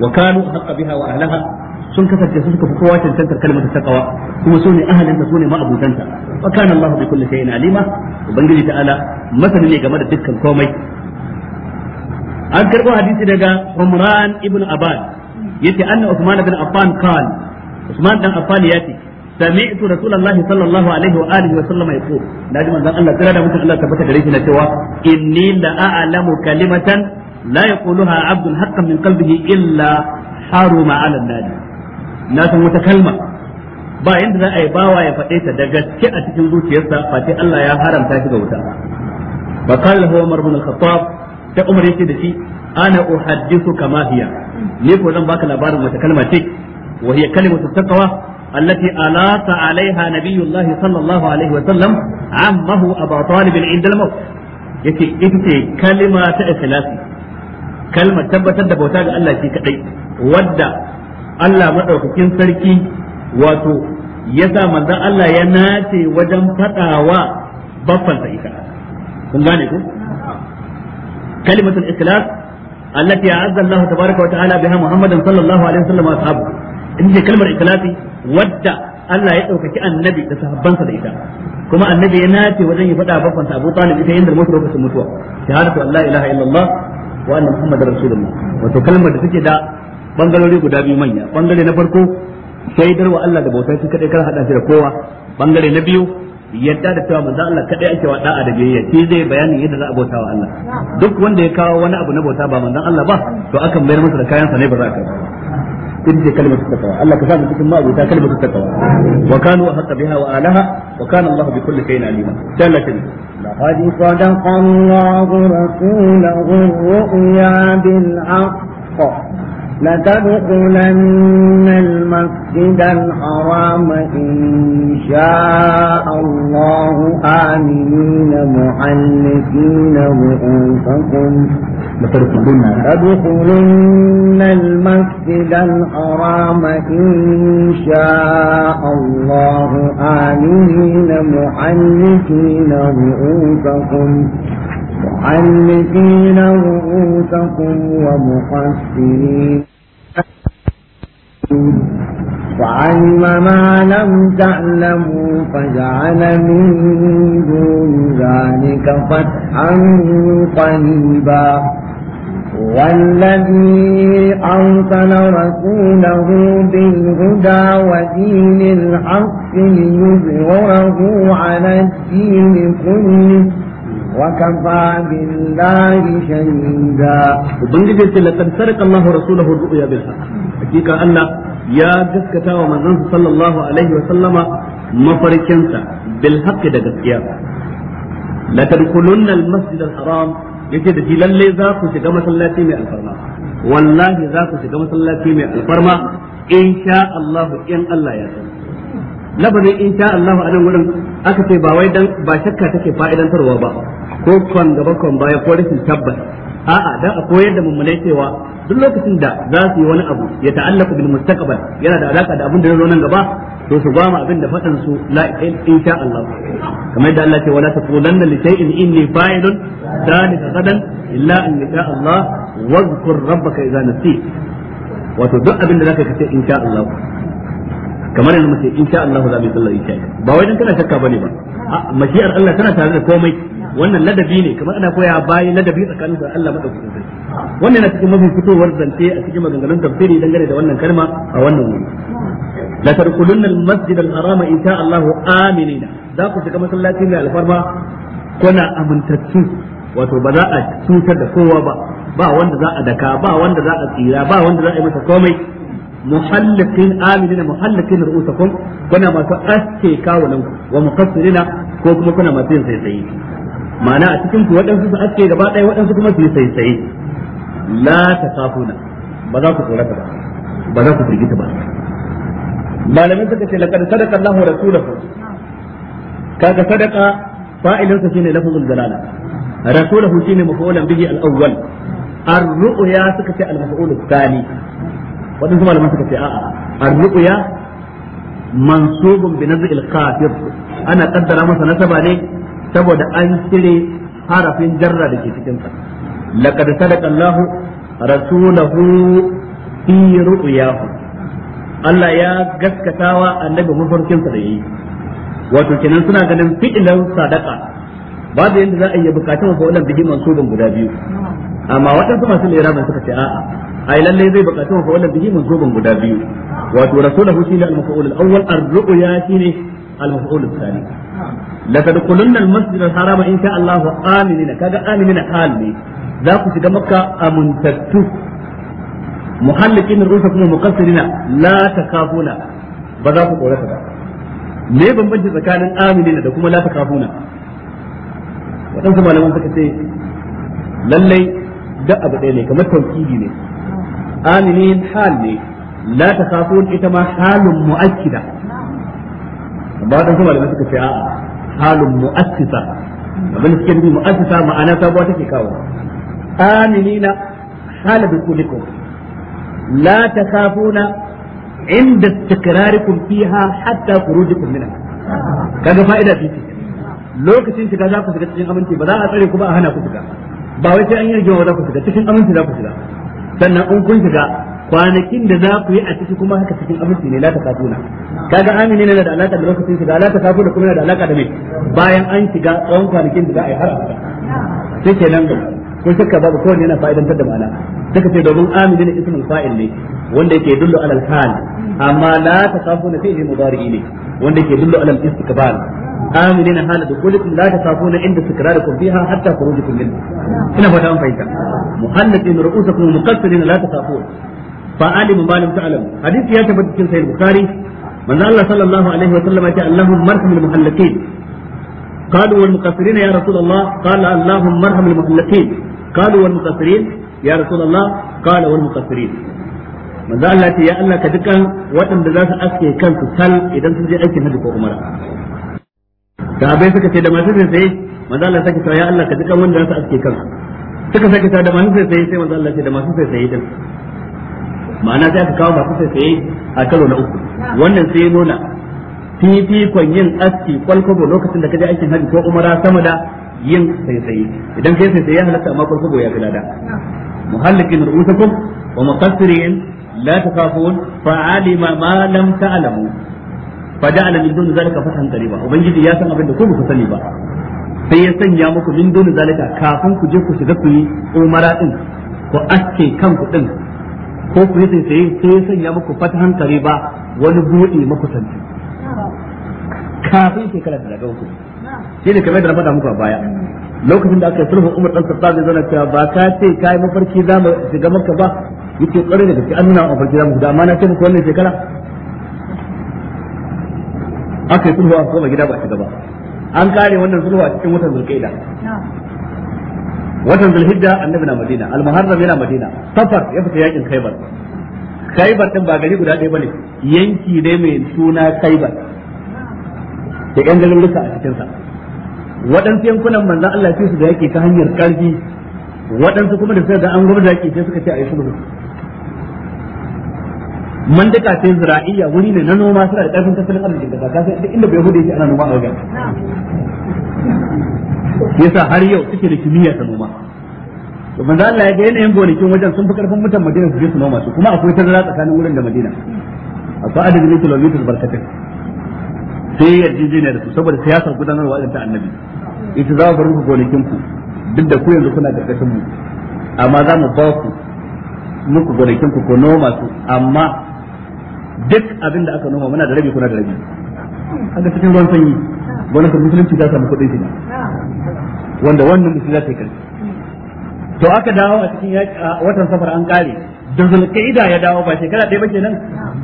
wa kanu haqqa biha wa ahliha sun kasance su suka fi kowa cancantar kalmar ta kuma su ne ahalinta su ne ma'abutanta wa kana Allah bi kulli shay'in alima ubangiji ta'ala masani ne game da dukkan komai an karbo hadisi daga Umran ibn Abbas yace anna Uthman ibn Affan qala Uthman dan Affan yace سمعت رسول الله صلى الله عليه واله وسلم يقول لازم ان الله ترى ده ممكن الله ثبت غريش na cewa inni la a'lamu kalimatan la yaquluha abdun haqqan min qalbihi illa haruma 'ala an-nar na san wata kalma ba yanda za a yi bawa ya faɗe ta da gaske a cikin zuciyarsa face Allah ya haramta shi ga wuta Ba qala lahu Umar ibn al-Khattab ta Umar yake da shi ana uhaddithu kama hiya ni ko zan baka labarin wata kalma ce wa hiya kalimatu taqwa التي ألاط عليها نبي الله صلى الله عليه وسلم عمه أبا طالب عند الموت yace ita ce kalma ta ikhlasi kalmar tabbatar da bauta ga Allah shi kadai wadda Allah madaukakin sarki wato ya sa manzon Allah ya nace wajen fadawa baffan sa ita kun gane ko kalimatul ikhlas allati a'azza Allah tabaaraka wa ta'ala sallallahu alaihi in ce kalmar ikhlasi wadda Allah ya ɗaukaki annabi da sahabbansa da ita kuma annabi ya nace wajen ya faɗa bafansa Abu Talib ita yanda mutu lokacin mutuwa shahadatu an la ilaha illallah wa anna muhammadar rasulullah wato kalmar da take da bangarori guda biyu manya bangare na farko shaidar wa Allah da bauta shi kadai kar hada shi da kowa bangare na biyu yadda da cewa manzo Allah kadai ake wa da'a da biyayya shi zai bayanin yadda za a bauta wa Allah duk wanda ya kawo wani abu na bauta ba manzon Allah ba to akan bayar masa da kayan sa ne ba za a ka تلك كلمة التقوى الله كفاهم تكون ما أبوتا كلمة التقوى وكانوا أحق بها وآلها وكان الله بكل شيء عليما ثالثا لقد صدق الله رسوله الرؤيا بالحق لتدخلن المسجد الحرام إن شاء الله آمنين محلقين رؤوسكم لتدخلن المسجد الحرام إن شاء الله آمنين محلقين رؤوسكم محلقين رؤوسكم ومقصرين وعلم ما لم تعلموا فجعل من دون ذلك فتحا قريبا والذي أرسل رسوله بالهدى ودين الحق ليظهره على الدين كله وكفى بالله شهيدا وبنجد لقد سرق الله رسوله الرؤيا بالحق حقيقة أن يا جسكتا ومن صلى الله عليه وسلم مفركنسا بالحق دا جسكيا لتدخلن المسجد الحرام yace da shi lalle za ku shiga masallaci mai alfarma wallahi za ku shiga masallaci mai alfarma insha Allah in Allah ya san labarin insha Allah a nan wurin aka ce ba wai dan ba shakka take fa'idantarwa ba ko kan gaba kan baya ko rashin tabbas a'a dan a koyar da mummunai cewa duk lokacin da za su yi wani abu ya ta'allaku bil mustaqbal yana da alaka da abin da ya zo nan gaba to su gwama abin da fadan su la insha Allah kamar da Allah ce wala taqulanna li shay'in inni fa'ilun dhalika gadan illa an yasha Allah wadhkur rabbaka idza nasit wato duk abin da zaka kace insha Allah kamar yanzu mace insha Allah za mu sallar isha ba wai dan kana shakka bane ba mashi'ar Allah tana tare da komai wannan ladabi ne kamar ana koya bayi ladabi tsakanin da Allah madaukakin sarki wannan na cikin mafi fitowar zance a cikin maganganun tafsiri dangane da wannan kalma a wannan wuri la tarkulunna al-masjid al-haram in sha Allah aminina za ku shiga masallaci mai alfarma kuna amintattu wato ba za a cutar da kowa ba ba wanda za a daka ba wanda za a tsira ba wanda za a yi masa komai muhallikin aminina muhallikin ru'usakum kuna masu aske kawunan ku wa muqassirina ko kuma kuna masu yin saisaye ma'ana a cikin ku waɗansu su aske gaba ɗaya waɗansu kuma su yi saisaye la takafuna ba za ku tsorata ba ba za ku firgita ba malamin suka ce laqad sadaqa Allahu rasulahu kaga sadaqa fa'ilin sa shine lafzul jalala rasulahu shine maf'ulan bihi al-awwal ar-ru'ya suka ce al-maf'ul thani wadansu malaman suka ce a'a ar-ru'ya mansubun bi nazr al-khatir ana kaddara masa nasaba ne saboda an cire harafin jarra da ke cikin sa laqad sadaqa Allahu rasulahu fi ru'yahu Allah ya gaskatawa annabi mafarkin sa da yi wato kenan suna ganin fi'ilan sadaka babu yadda za a yi bukatun fa'ulan bihi mansuban guda biyu amma waɗansu masu mai suka ce a'a a ai lallai zai bukaci wa fa'ulan bihi mansuban guda biyu wato rasulahu shi ne al-maf'ul al-awwal ar-ru'ya shi ne al-maf'ul al-thani laqad qulunna al-masjid al-harama in sha Allah aminina kaga aminina hal ne za ku shiga makka amuntattu muhallikin rusa kuma muqassirina la takafuna ba za ku korata ba me bambanci tsakanin amilina da kuma la takafuna Waɗansu malaman suka ce lallai da abu ɗaya ne kamar tauhidi ne amilin hal ne la takafun ita ma halun muakkida ba waɗansu malaman suka ce a'a halun muassisa abin da suke nufi muassisa ma'ana sabuwa take kawo Aminina hala bi kulikum la takhafuna inda istiqrarikum fiha hatta khurujukum minha kaga fa'ida ce lokacin shiga za ku shiga cikin aminci ba za a tsare ku ba a hana ku shiga ba wai sai an yi rigima za ku shiga cikin aminci za ku shiga sannan in kun shiga kwanakin da za ku yi a ciki kuma haka cikin aminci ne la ta kafuna kaga amini ne da alaka da lokacin shiga la ta kafuna kuma da alaka da mai bayan an shiga tsawon kwanakin da za a yi har a sai kenan ko shakka babu kowanne yana fa'idantar da ma'ana suka ce domin amilin ismul fa'il ne wanda yake dullu alal hal amma la tasafuna fi'li mudari ne wanda yake dullu alal istiqbal amilin hal dukulikum la tasafuna inda sikrarikum biha hatta khurujukum min ina fata an fahimta muhallatin ru'usakum muqassirin la tasafuna fa'alimu ma lam ta'lam hadisi ya tabbata cikin sahih bukhari manzo Allah sallallahu alaihi wa sallam ya ce Allahumma arhamil muhallatin قالوا والمقصرين يا رسول الله قال اللهم ارحم المهلكين qalu wal muqassirin ya rasulullah qala wal muqassirin manzo Allah ce ya Allah ka waɗanda za su aske kansu sal idan sun je aikin hajji ko umara da abai suka ce da masu sai sai manzo Allah sake cewa ya Allah ka wanda za su aske kansu suka sake cewa da masu sai sai sai manzo Allah ce da masu sai din ma'ana sai aka kawo masu sai a karo na uku wannan sai ya nuna fifikon yin aski kwalkwabo lokacin da ka je aikin hajji ko umara sama da yin saisaye idan kai saisaye ya halatta amma farko ya filada muhallikin ru'usakum wa muqassirin la takafun fa alima ma lam ta'lamu fa ja'ala min dun zalika fatan qariba ubangiji ya san abin da ku ba ku sani ba sai ya sanya muku min dun zalika kafin ku je ku shiga ku yi umara din ku aske kanku din ko ku yi saisaye sai ya sanya muku fatan qariba wani buɗe makusanci kafin shekara da daga hukumi shine kamar da na faɗa muku a baya lokacin da aka yi sulhun Umar ɗansa Khattab zai zana cewa ba ka ce ka yi mafarki za mu shiga maka ba yake kware da gaske an nuna wa mafarki za mu da amma na ce muku wannan shekara aka yi sulhu a koma gida ba shiga ba an kare wannan sulhu a cikin watan zulkaida watan Zulhijja annabi na Madina al yana Madina Safar ya fita yakin Kaibar. Kaibar din ba gari guda ɗaya bane yanki ne mai suna Kaibar. da yan garin a cikin sa waɗansu yankunan manzan Allah ce su da yake ta hanyar ƙarfi waɗansu kuma da suka da an gwamnati yake sai suka ce a yi sulhu mandaka ce zira'iyya wuri ne na noma suna da ƙarfin tattalin arziki da kaka sai inda bai hude yake ana noma a wajen yasa har yau suke da kimiyya ta noma to manzo Allah ya ga yanayin gonakin wajen sun fi ƙarfin mutan Madina su je su noma su kuma akwai tazara tsakanin wurin da Madina akwai adadin kilomita barkatai sai ya yarjejeniya da su saboda siyasar gudanarwa irin ta annabi ita za mu bar muku gonakin ku duk da ku yanzu kuna kasan mu amma za mu ba ku muku gonakin ku ko noma su amma duk abin da aka noma muna da rabi kuna da rabi haka cikin ruwan sanyi ka musulunci ta samu kuɗin shi wanda wannan musulunci za ta yi to aka dawo a cikin watan safar an kare da zulqa'ida ya dawo ba shekara ɗaya ba kenan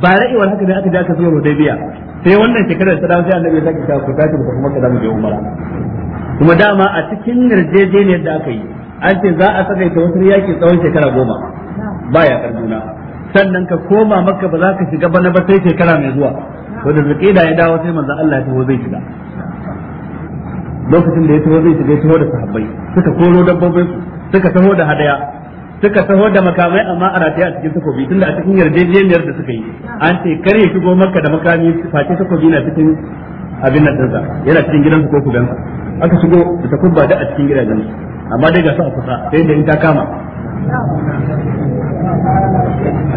ba ra'iwar haka da aka je aka zo Hudaybiya sai wannan shekarar ta dawo sai Annabi ya sake ta ku tashi ku kuma kaza mu je Umara kuma dama a cikin yarjejeniyar da aka yi an ce za a saka ta wasu yaki tsawon shekara goma ba ya karjuna sannan ka koma maka ba za ka shiga bana ba sai shekara mai zuwa wanda zulqa'ida ya dawo sai manzo Allah ya taho zai shiga lokacin da ya taho zai shiga ya taho da sahabbai suka koro dabbobin su suka taho da hadaya suka taho da makamai amma a rataye a cikin takobi da a cikin yarjejeniyar da suka yi an ce kar ya shigo maka da makami face takobi na cikin abin nan dinsa yana cikin gidansa ko kudansa aka shigo da takobba da a cikin gidajen amma dai ga su a kusa sai da in ta kama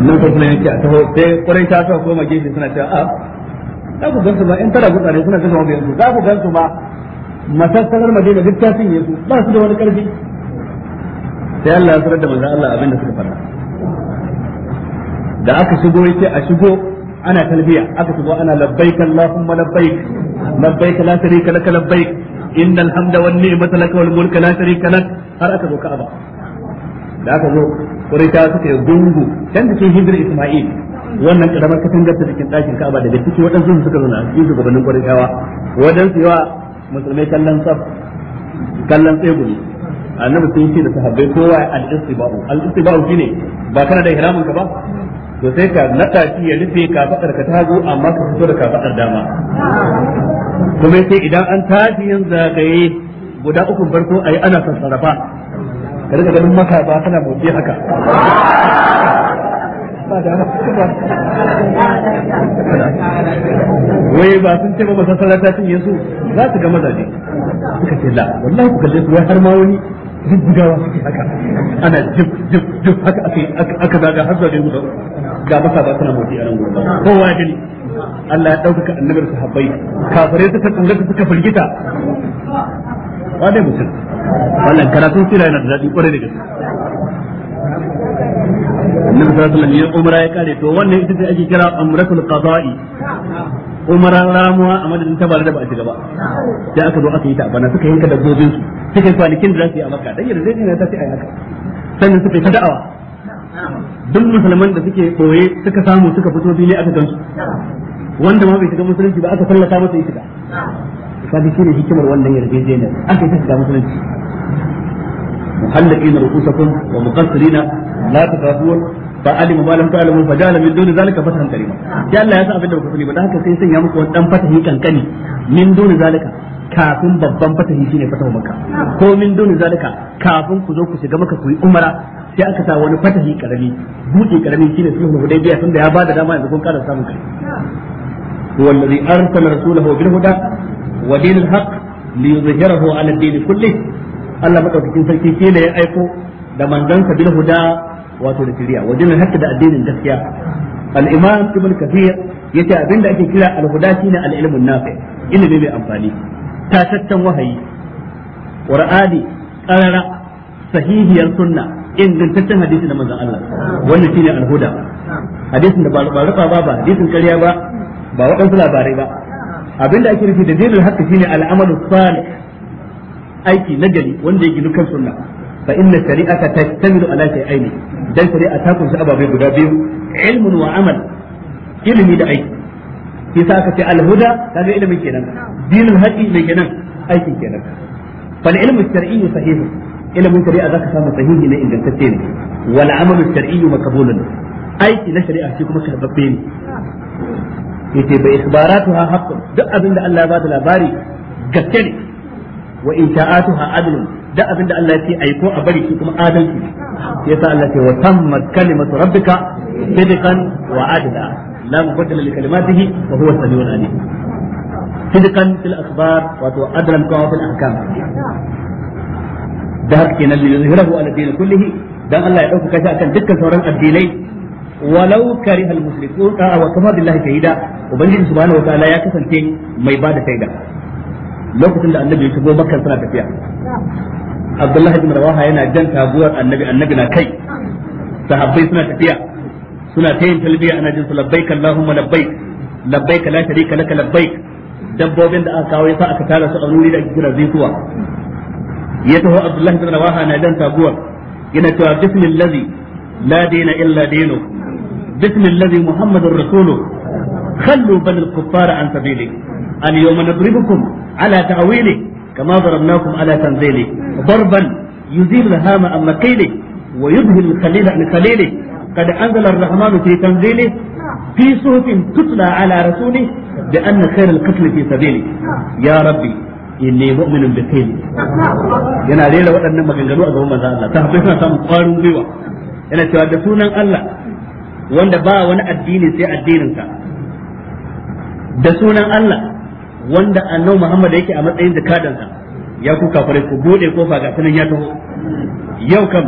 annan ko kuma yake a taho sai kurai ta sa koma gefe suna cewa a ah, za ku gansu ba in tara gutsare suna cewa bai yanzu za ku gansu ba masassarar madina duk ta cinye su ba su da wani karfi sai Allah ya sanar da manzon Allah abin da suka faɗa da aka shigo yace a shigo ana talbiya aka shigo ana labbaik allahumma labbaik labbaik la sharika lak labbaik innal hamda wan ni'mata lak wal mulka la sharika lak har aka zo ka'aba da aka zo kurita suka yi gungu can cikin hijir isma'il wannan karamar katangar ta cikin ɗakin ka'aba daga ciki waɗansu suka zo na cikin shugabannin kuritawa waɗansu yawa musulmai kallon tsaf kallon tsegumi annabi sun ce da sahabbai kowa al-istiba'u al-istiba'u shine ba kana da ihramin ka ba to sai ka na shi ya rufe kafadar ka tago amma ka fito da kafadar dama kuma sai idan an tashi yin zagaye guda uku farko ayi ana sassarafa ka ganin maka ba kana motsi haka wai ba sun ce ba ba sassara ta cinye su za su ga mazaje suka ce la wallahi ku kalle su wai har ma wani duk gudawa suke haka ana jif jif jif haka ake, aka zaga har zaga guda ga sa ba suna motsi a nan gurin kowa ya gani Allah ya ɗaukaka annabar sahabbai kafirai suka tsangata suka firgita wa dai mutum wannan karatun sira yana da daɗi ƙwarai da gaske annabi sallallahu alaihi wasallam ya umra ya kare to wannan ita ce ake kira umratul qada'i umaran ramuwa a madadin ta bare da ba a shiga ba sai aka zo aka yi ta bana suka yanka dabbobin su suka kwanakin da za su yi a makka dan yadda zai ne ta ce ai haka sannan suka yi ta da'awa duk musulman da suke koye suka samu suka fito ne aka gansu wanda ma bai shiga musulunci ba aka sallata masa ya shiga kaji shine hikimar wannan yarjejeniyar aka yi ta shiga musulunci muhallaqina rukusakum wa muqassirina la takafun fa alima ma lam ta'lamu fa ja'ala min duni zalika fatahan karima ya Allah ya san abin da kuka sani ba dan haka sai sanya muku wani dan fatahi kankani min duni zalika kafin babban fatahi shine fatahu makka ko min duni zalika kafin ku zo ku shiga maka ku umara sai aka sa wani fatahi karami buɗe karami shine sulhu hudaybiya tunda ya bada dama yanzu kun kada samun kai هو الذي أرسل رسوله بالهدى ودين الحق ليظهره على الدين كله Allah madaukakin sarki shi ne ya aiko da manzansa bil huda wato da shari'a wajen hakka da addinin gaskiya al-imam ibn kathir yace abinda ake kira al-huda shine al-ilmun nafi ilimi mai amfani tatattan wahayi qur'ani qarara sahihiyar sunna ingantaccen hadisi da manzon Allah wannan shine al-huda hadisin da ba rufa ba ba hadisin ƙarya ba ba waɗansu labarai ba abinda ake nufi da dalil hakka shine al-amalu salih aiki na gari wanda ya ginu kan sunna fa inna shari'ata tastamilu ala aini. dan shari'a ta kunshi ababai guda biyu ilmun wa amal ilimi da aiki yasa aka ce alhuda kaga ilimin kenan dinul haqi mai kenan aikin kenan fal ilmu shar'i sahihu ilimin shari'a zaka samu sahihi ne ingantacce ne wal amalu shar'i makabulun aiki na shari'a shi kuma karbabbe ne yace bai ikhbaratuha haqqun duk abin da Allah ya bada labari gaske ne wa in ha adlun da abinda Allah ya ce ai ko a bari shi kuma adalci sa Allah ce wa tammat kalimatu rabbika sidqan wa adla la mubaddala li kalimatihi wa huwa as alim sidqan fil akhbar wa adlan kama fil ahkam da haka kenan li yuzhirahu ala din kullihi dan Allah ya dauka kashi akan dukkan sauran addinai walau kariha al-mushrikun wa kafa billahi shahida ubangiji subhanahu wa ta'ala ya kasance mai bada shaida lokacin da annabi ya shigo makka suna tafiya abdullahi bin rawaha yana jan taguwar annabi annabi na kai sahabbai suna tafiya suna ta yin talbiya ana jin su labbaik allahumma labbaik labbaik la sharika laka labbaik dabbobin da aka kawo yasa aka tara su a wuri da ake kira zituwa ya taho abdullahi bin rawaha na jan taguwar yana cewa bismillazi la dina illa dinu bismillazi muhammadur rasuluhu خلوا بني الكفار عن سبيله al yawma nadribukum ala ta'wili kama darabnakum ala tanzili darban yuzilu al-hama amma kayli wa yudhilu al-khalila an khalili qad anzala ar-rahmanu fi tanzili fi suhufin tutla ala rasuli bi anna khayra al-qatl fi sabili ya rabbi inni mu'minun bi khayli yana rera waɗannan maganganu a gaban manzo Allah ta haɓe suna samun ƙwarin gwiwa yana da sunan Allah wanda ba wani addini sai addininsa da sunan Allah wanda annabi Muhammad yake a matsayin zakadan sa ya ku kafare ku bude kofa ga sunan ya taho yau kam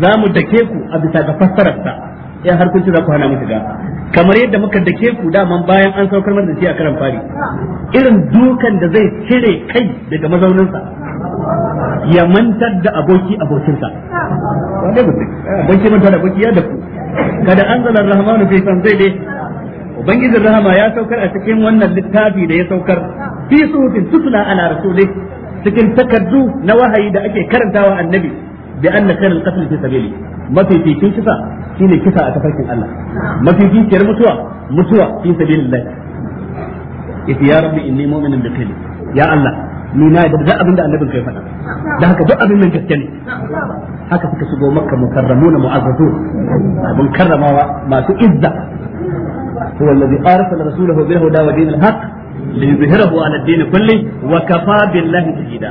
za mu dake ku a bisa ga fassarar sa in har kunci za ku hana mu shiga kamar yadda muka dake ku daman bayan an saukar masa shi a karan fari irin dukan da zai cire kai daga mazauninsa ya mantar da aboki sa wanda mutum ki mantar da aboki ya dafu kada anzalar rahmanu fi san zai dai ubangijin rahama ya saukar a cikin wannan littafi da ya saukar fi suhufin tutla ala rasulih cikin takardu na wahayi da ake karantawa annabi bi anna khairul qatl fi sabili mafi fikin kisa shine kisa a tafarkin Allah mafi fikiyar mutuwa mutuwa fi sabilillah yace ya rabbi inni mu'minun bi qili ya Allah ni na da duk abin da annabin kai faɗa da haka duk abin nan gaske ne haka suka shigo makka mukarramuna mu'azzazun abin karramawa masu izza هو الذي أرسل رسوله بالهدى ودين الحق ليظهره على الدين كله وكفى بالله شهيدا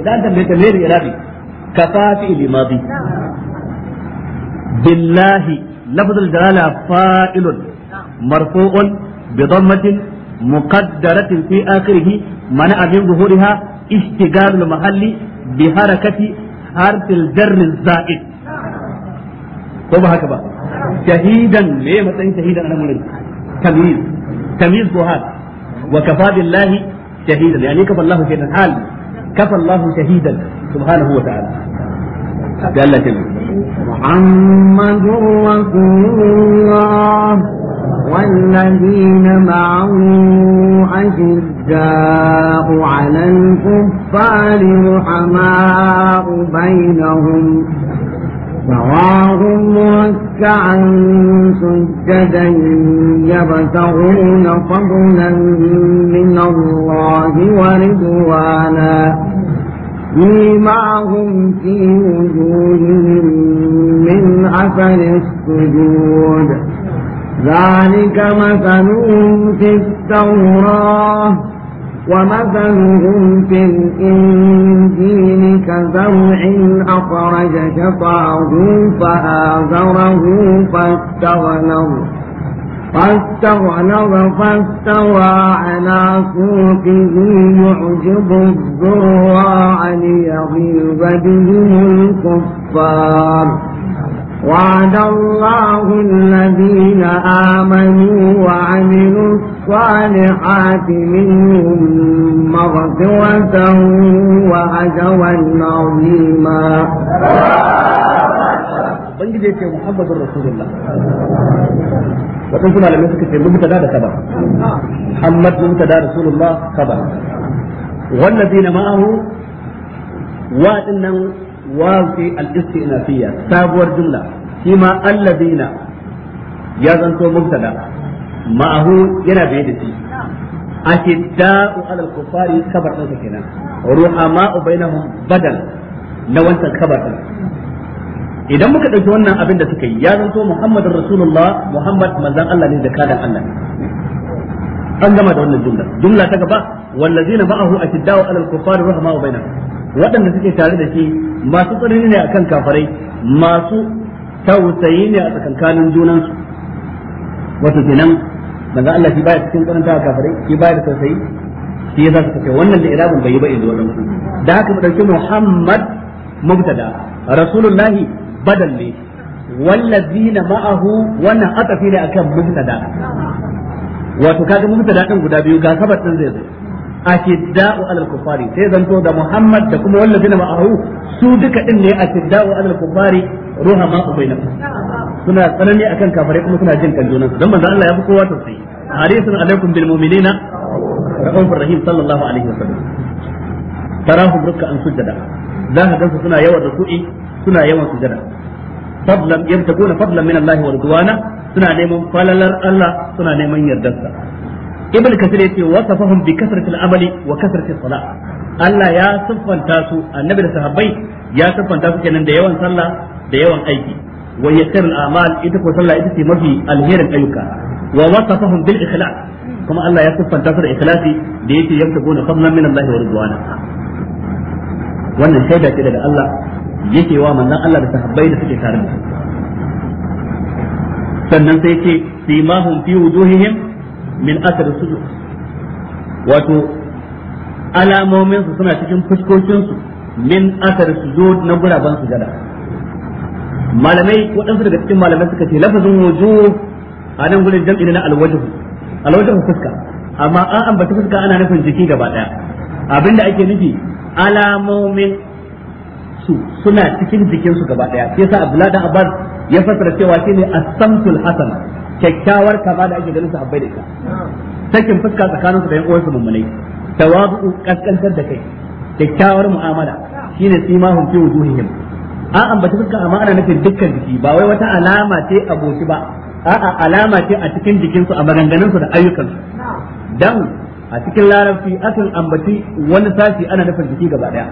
إذا أنت من تمير إرادي كفى في الماضي بالله لفظ الجلالة فائل مرفوع بضمة مقدرة في آخره منع من ظهورها اشتغال المحل بحركة حرف الجر الزائد ko ba haka ba shahidan me matsayin shahidan a nan tamyiz tamyiz ko hal wa kafa billahi shahidan yani kafa Allah shahidan hal kafa Allah shahidan subhanahu da Allah ta محمد رسول الله والذين معه أشداء على الكفار رحماء بينهم تراهم ركعا سجدا يبتغون فضلا من الله ورضوانا سيماهم في وجوههم من أثر السجود ذلك مثلهم في التوراه ومثلهم في الإنجيل كزرع أخرج شطاه فآزره فاستغلظ فاستغلظ فاستوى على سوقه يعجب الضراع ليغيظ بهم الكفار وعد الله الذين آمنوا وعملوا الصالحات منهم مغفرة وأجرا عظيما ubangiji ya ce muhammadun rasulullah waɗansu suka ce mubtada da kaba muhammad mubtada rasulullah kaba ma'ahu waɗannan wawu ce al-istinafiyya sabuwar jumla shi ma alladina ya zanto mubtada ma'ahu yana bai da shi ashidda'u 'alal kufari kabar ɗinsa kenan ruha ruhama'u bainahum badal na wancan kabar ɗin idan muka ɗauki wannan abin da suka yi ya zanto Muhammad Rasulullah Muhammad manzan Allah ne da kadan Allah an gama da wannan jumla jumla ta gaba wallazina ma'ahu ashidda'u 'alal kufari ruhama'u bainahum waɗanda suke tare da shi masu tsanani ne akan kafarai masu tausayi ne a tsakankanin junansu wato kenan manzo Allah shi baya cikin tsananta kafarai shi baya da tausayi shi yasa suka ce wannan da irabun bai yi ba yanzu wannan da haka mu dauki Muhammad mubtada rasulullahi badal ne wallazina ma'ahu wannan atafi ne akan mubtada wato kaga mubtada din guda biyu ga kabar din zai zo ashidda'u alal kufari sai zanto da Muhammad da kuma wallazina ma'ahu su duka din ne ashidda'u alal kufari ruhama bainahum suna tsanani akan kafare kuma suna jin kan junansu dan manzo Allah ya fi kowa tausayi harisun alaikum bil mu'minina rahmanur rahim sallallahu alaihi wasallam tarahum ruk'an sujada za ka gansu suna suna yawan sujada fadlan yamtakuna fadlan min Allah wa suna neman ibn kasir yace wasafahum bi kasrati al-amali wa kasrati salat Allah ya siffanta su annabi da sahabbai ya siffanta su kenan da yawan sallah da yawan aiki wa yasir al-amal ita ko sallah ita ce mafi alherin ayyuka wa wasafahum bil ikhlas kuma Allah ya siffanta su da ikhlasi da yake yabtaguna fadlan min Allah wa ridwana wannan shaida ce daga Allah yake wa manzon Allah da sahabbai da suke tare da sannan sai yake simahum fi wujuhihim min asar sujud wato alamomin su suna cikin fuskokin su min asar sujud na guraben sujada malamai waɗansu daga cikin malamai suka ce lafazin wujuh a nan gurin jam'i na alwajhu alwajhu fuska amma an ambata fuska ana nufin jiki gaba daya abinda ake nufi alamomin su suna cikin jikinsu gaba daya sai sa Abdullahi dan Abbas ya fassara cewa shine as-samtul hasana kyakkyawar kama da ake ganin su habbai da ita sakin fuska tsakaninsu da yan uwansu mummunai tawadu kaskantar da kai kyakkyawar mu'amala shine simahum fi wujuhihim a ambaci fuska amma ana nufin dukkan jiki ba wai wata alama ce a goshi ba a'a alama ce a cikin jikinsu a maganganunsu da ayyukansu dan a cikin larabci akan ambaci wani sashi ana nufin jiki gaba daya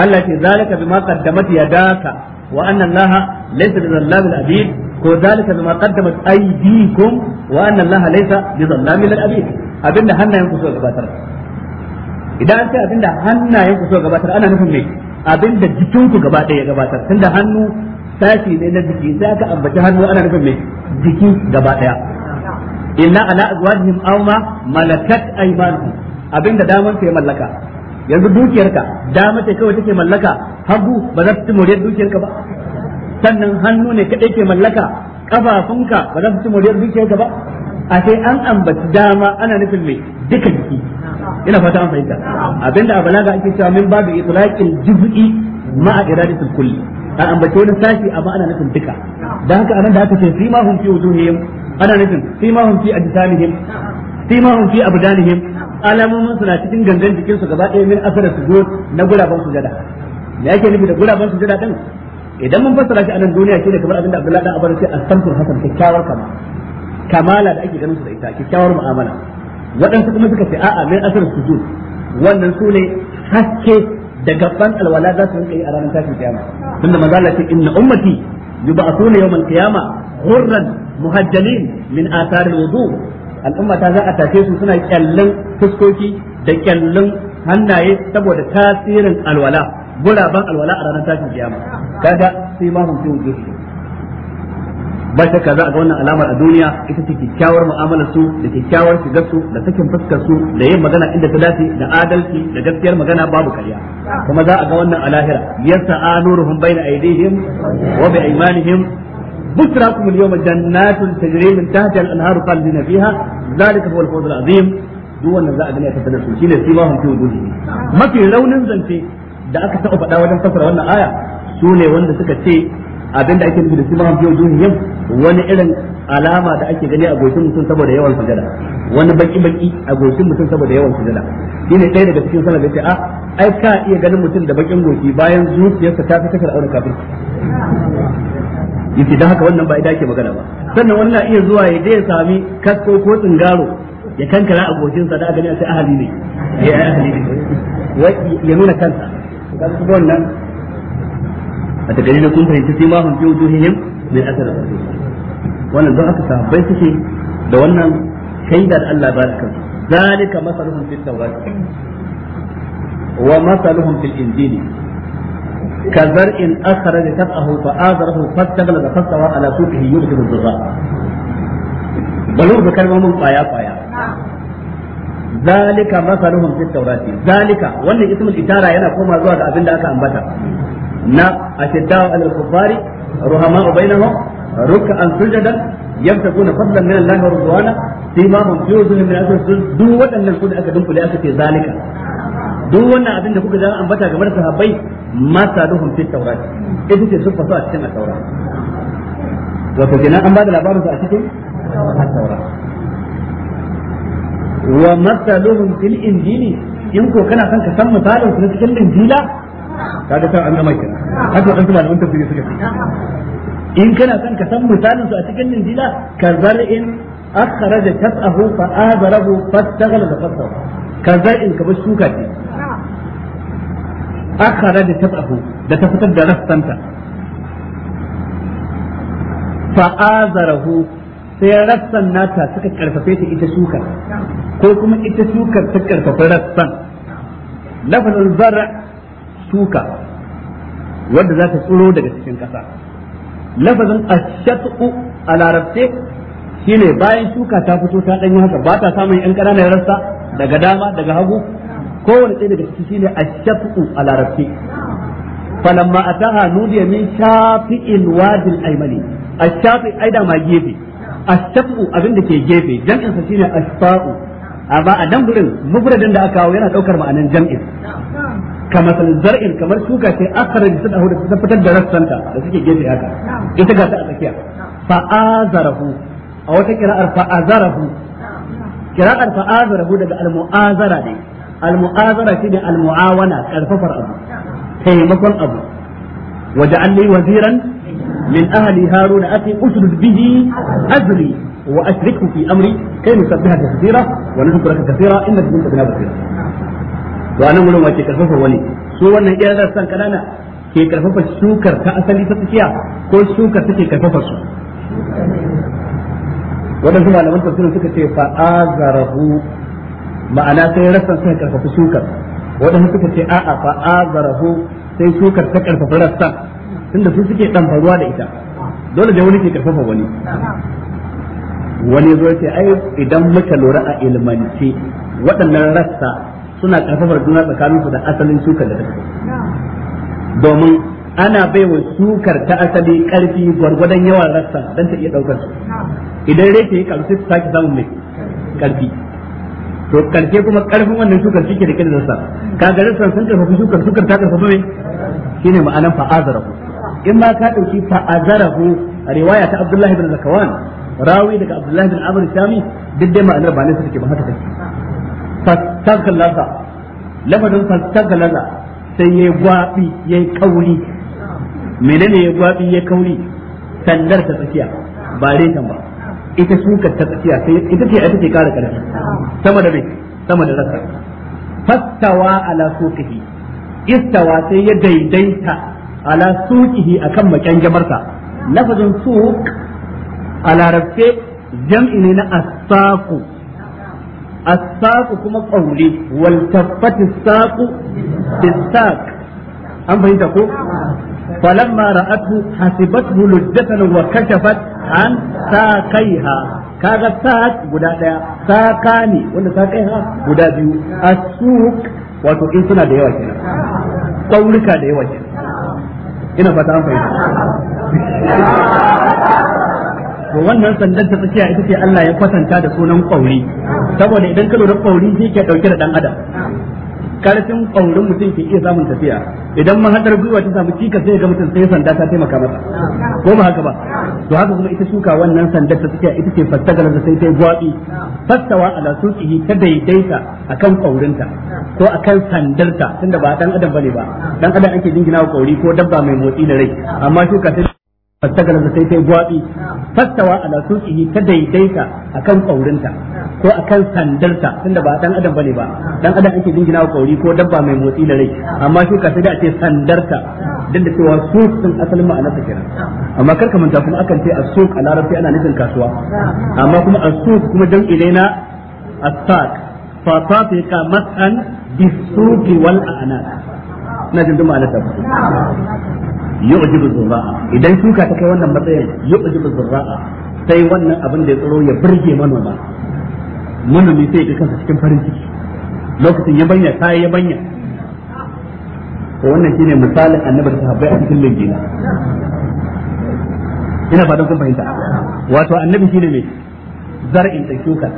Allah ce zalika bima qaddamat yadaka wa anna allaha laysa bizallamil abid ko zalika bima qaddamat aydikum wa anna allaha laysa bizallamil abid abinda hannayen ku gabatar idan an ce abinda hannayen ku gabatar ana nufin me abinda jikin ku gaba daya gabatar tunda hannu sashi ne na jiki sai aka ambaci hannu ana nufin me jiki gaba daya inna ala azwajihim aw ma malakat abinda daman mallaka yanzu dukiyarka dama ce kawai take mallaka hagu ba za su moriyar dukiyarka ba sannan hannu ne kadai ke mallaka kafafunka ba za su ci moriyar dukiyarka ba a sai an ambaci dama ana nufin mai duka jiki ina fata an fahimta abinda a balaga ake cewa min babu itlaqil juz'i ma'a iradatul kulli an ambace wani sashi amma ana nufin duka dan haka anan da aka ce fi ma hum fi wujuhihim ana nufin fi ma hum fi ajsamihim fi ma hum fi abdanihim alamomin suna cikin gangan jikin su gaba ɗaya min asara su go na guraban sujada me yake nufi da guraban sujada din idan mun fassara shi a nan duniya shine kamar abinda Abdullahi dan Abar sai asamtul hasan kyakkyawar kama kamala da ake ganin su da ita kyakkyawar mu'amala waɗansu kuma suka ce a'a min su sujud wannan su ne haske da gaban alwala za su rinka yi a ranar tashin kiyama tunda manzo Allah ce inna ummati yub'athuna yawmal qiyamah ghurran muhajjalin min al-wudu al'umma ta za a tashe su suna kyallin fuskoki da kyallin hannaye saboda tasirin alwala guraben alwala a ranar tashin kiyama kaga sai ba hun fi wujuhi ba shakka za a ga wannan alamar a duniya ita ce kyakkyawar mu'amalar su da kyakkyawar shigar su da sakin fuskar su da yin magana inda ta dace da adalci da gaskiyar magana babu karya kuma za a ga wannan a lahira yasa anuruhum baina aydihim wa bi aymanihim بشراكم اليوم جنات تجري من تحتها الانهار خالدين فيها ذلك هو الفوز العظيم duk wannan za a gani a tattare su shine sai mahum fi wuduhi mafi raunin zance da aka taɓa faɗa wajen fasara wannan aya su ne wanda suka ce abinda ake nufi da sai mahum fi wani irin alama da ake gani a goshin mutum saboda yawan sujada wani baki baki a goshin mutum saboda yawan sujada shine ɗaya daga cikin sanar da ce a ai ka iya ganin mutum da bakin goshi bayan zuciyarsa ta fi kasar aure kafin yace dan haka wannan ba ida ke magana ba sannan wannan iya zuwa ya je ya sami kasko ko tsingaro ya kankara abokin sa da aka gani sai ahali ne ya eh, ahali ne wai ya nuna kansa ga su wannan a takari da kun fahimci sai ma hun fi wujuhihim min asar wannan don haka sahabbai suke da wannan shaida da Allah ba da kansu zalika masaluhum fit tawrat wa masaluhum fil injili كزرع أخرج شرعه فآذره فاستغلظ فاستوى على سوقه يبشر الضراء بلور بكلمة من قايا قايا ذلك مثلهم في التوراة ذلك وأن اسم الإشارة هنا كما زوج أبن لك أنبتا نا أشداء على الكفار رحماء بينهم ركعا سجدا يبتغون فضلا من الله ورضوانا فيما هم في وجوههم من أجل دو وأن الكل أكدهم لأكد ذلك duk wannan abin da kuka ja ambata game da sahabbai ma saduhum fi tawrat ita ce sufa a cikin tawrat wato kenan an bada labarin su a cikin tawrat wa masaluhum fil injili in ko kana son ka san misalin su cikin injila kaga ta an gama kenan haka dan tuma da wannan tafsiri suka ce in kana son ka san misalin su a cikin injila kazar in akhraja tas'ahu fa adarahu fastaghala fa kasar in ka bar shuka ce akara da tabahu da ta fitar da rassanta fa azarahu sai rassan nata suka karfafe ta ita shukar ko kuma ita shukar ta karfafa rassan lafazin zara shuka wanda za ta tsiro daga cikin ƙasa lafazin ashatu a larabce shine bayan shuka ta fito ta ɗanyi haka ba ta samun 'yan ƙananan rassa daga dama daga hagu kowane ɗaya daga ciki shine ash a larabci falamma ataha nudiya min shafi'il wadi al-aymani ash-shafi aida ma gefe ash-shafqu abin da ke gefe jam'in sa shine ash-fa'u amma a nan gurin mufradin da aka kawo yana daukar ma'anan jam'in kamar zar'in kamar shuka ce akara da ta da ta fitar da rassanta da suke gefe haka ita ga ta a tsakiya fa'azarahu a wata kira'ar fa'azarahu kira'ar fa'azarahu daga al-mu'azara ne al-mu'azara shine al-mu'awana karfafar abu taimakon abu waja'alni waziran min ahli harun ati ushdud bihi azri wa ashrikhu fi amri kai nusabbihaka kathira wa nadhkuraka kathira innaka kunta bina basira to anan gurin wace karfafa wani su wannan iya kanana ke karfafa shukar ta asali ta tsakiya ko shukar take karfafa su wadansu malaman tafsirin suka ce fa azarahu ma'ana sai rassan suka karfafa shukar waɗanda suka ce a'a fa azarahu sai shukar ta karfafa rassan tunda su suke faruwa da ita dole da wani ke karfafa wani wani zo ce ai idan muka lura a ilmance waɗannan rassa suna karfafar juna su da asalin shukar da ta domin ana baiwa sukar ta asali karfi gwargwadon yawan rassa don ta iya daukar idan rake ya sai ta sake mai karfi to karke kuma karfin wannan shukar shike da kirinsa kaga rassan sun karfafa shukar shukar ta karfa me shine ma'anar fa'azarahu in ma ka dauki fa'azarahu riwaya ta Abdullah ibn Zakwan rawi daga Abdullah ibn Amr Shami duk dai ma'anar ba ne su take ba haka take fastaghlaza lafazin fastaghlaza sai yayi gwabi yayi kauri menene yayi gwabi yayi kauri sandar ta tsakiya ba dai ba ita shuka ta tsakiya sai ita ce ita ce kara karfi sama da bai sama da rasa fastawa ala suqihi istawa sai ya daidaita ala suqihi akan makyangamarsa lafazin suq a larabce jam'i ne na asaku asaku kuma kauli wal tabbati saqu bisaq an fahimta ko falamma ra'atu hasibatu luddatan wa kashafat an sa ka kaga sa'at guda daya saka ne wanda sa ha guda biyu asuk wato in suna da yawa kenan kaurika da yawa kenan ina fata an fahimta to wannan sandan ta tsakiya ita ce Allah ya kwatanta da sunan kauri saboda idan ka lura kauri shi ke dauke da dan adam karfin ƙaurin mutum ke iya samun tafiya idan mahadar gwiwa ta samu cika sai ga mutum sai sanda ta taimaka masa ko ba haka ba to haka kuma ita shuka wannan sandar ta tafiya ita ce fattagalar da sai ta gwabi Fassawa ala suqihi ta daidaita akan ƙaurinta ko akan sandarta tunda ba dan adam bane ba dan adam ake jingina ƙauri ko dabba mai motsi da rai amma shuka ta fastagar da sai sai fattawa fastawa ala suqihi ta daidaita a kan ƙaurinta ko a kan sandarta tunda ba dan adam bane ba dan adam ake jingina wa kauri ko dabba mai motsi da rai amma ka sai da a ce sandarta don da cewa suq din asalin ma'ana ta kira amma kar ka manta kuma akan ce a suq a larabci ana nufin kasuwa amma kuma a suq kuma dan ilaina a sak fata tafiqa mas'an bis-suqi wal wal'ana na jin ma'ana ta yu'jibu zurra'a idan shuka ta kai wannan matsayin yu'jibu zurra'a sai wannan abin da ya tsaro ya burge manoma manomi sai ya kansa cikin farin ciki lokacin ya sai ta banya to wannan shine misalin annabi da sahabbai a cikin lingina ina fatan kun fahimta wato annabi shine mai zar'in da shuka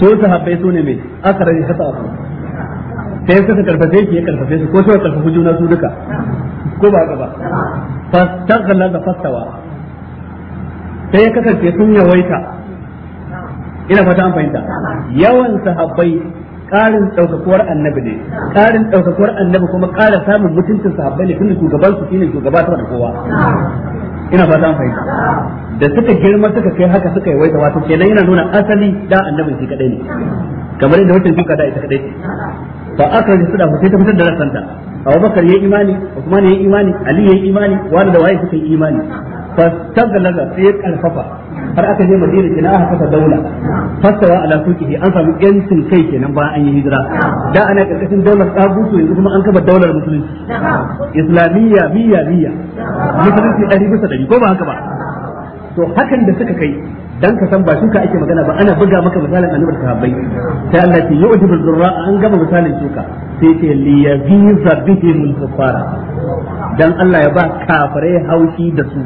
so sahabbai su ne mai akarar kasa sai suka karfafe shi ya karfafe su ko suka karfafi juna su duka ko ba haka ba fastagla da fastawa sai ya kasance sun yawaita ina fata an fahimta yawan sahabbai ƙarin ɗaukakuwar annabi ne ƙarin ɗaukakuwar annabi kuma ƙara samun mutuncin sahabbai ne tunda shugaban su shine shugaba ta da kowa ina fata an fahimta da suka girma suka kai haka suka yi waita wato kenan yana nuna asali da annabin shi kadai ne kamar yadda wancan shuka da ita kadai ce fa aka ji suna sai ta fitar da rasanta Abu Bakar yi imani Uthman yi imani Ali yi imani wani da waye suka yi imani fa tagalaga sai ya karfafa har aka je Madina kina aka kafa daula fasawa ala sukihi an samu yancin kai kenan ba an yi hijira da ana karkashin daular tabutu yanzu kuma an kafa daular musulunci islamiyya miya miya musulunci ɗari bisa ɗari ko ba haka ba to hakan da suka kai dan ka san ba shuka ake magana ba ana buga maka misalin annabar sahabbai sai Allah ya yu'jibu zurra an gama misalin shuka sai ce li yaziza bihim kufara dan Allah ya ba kafirai haushi da su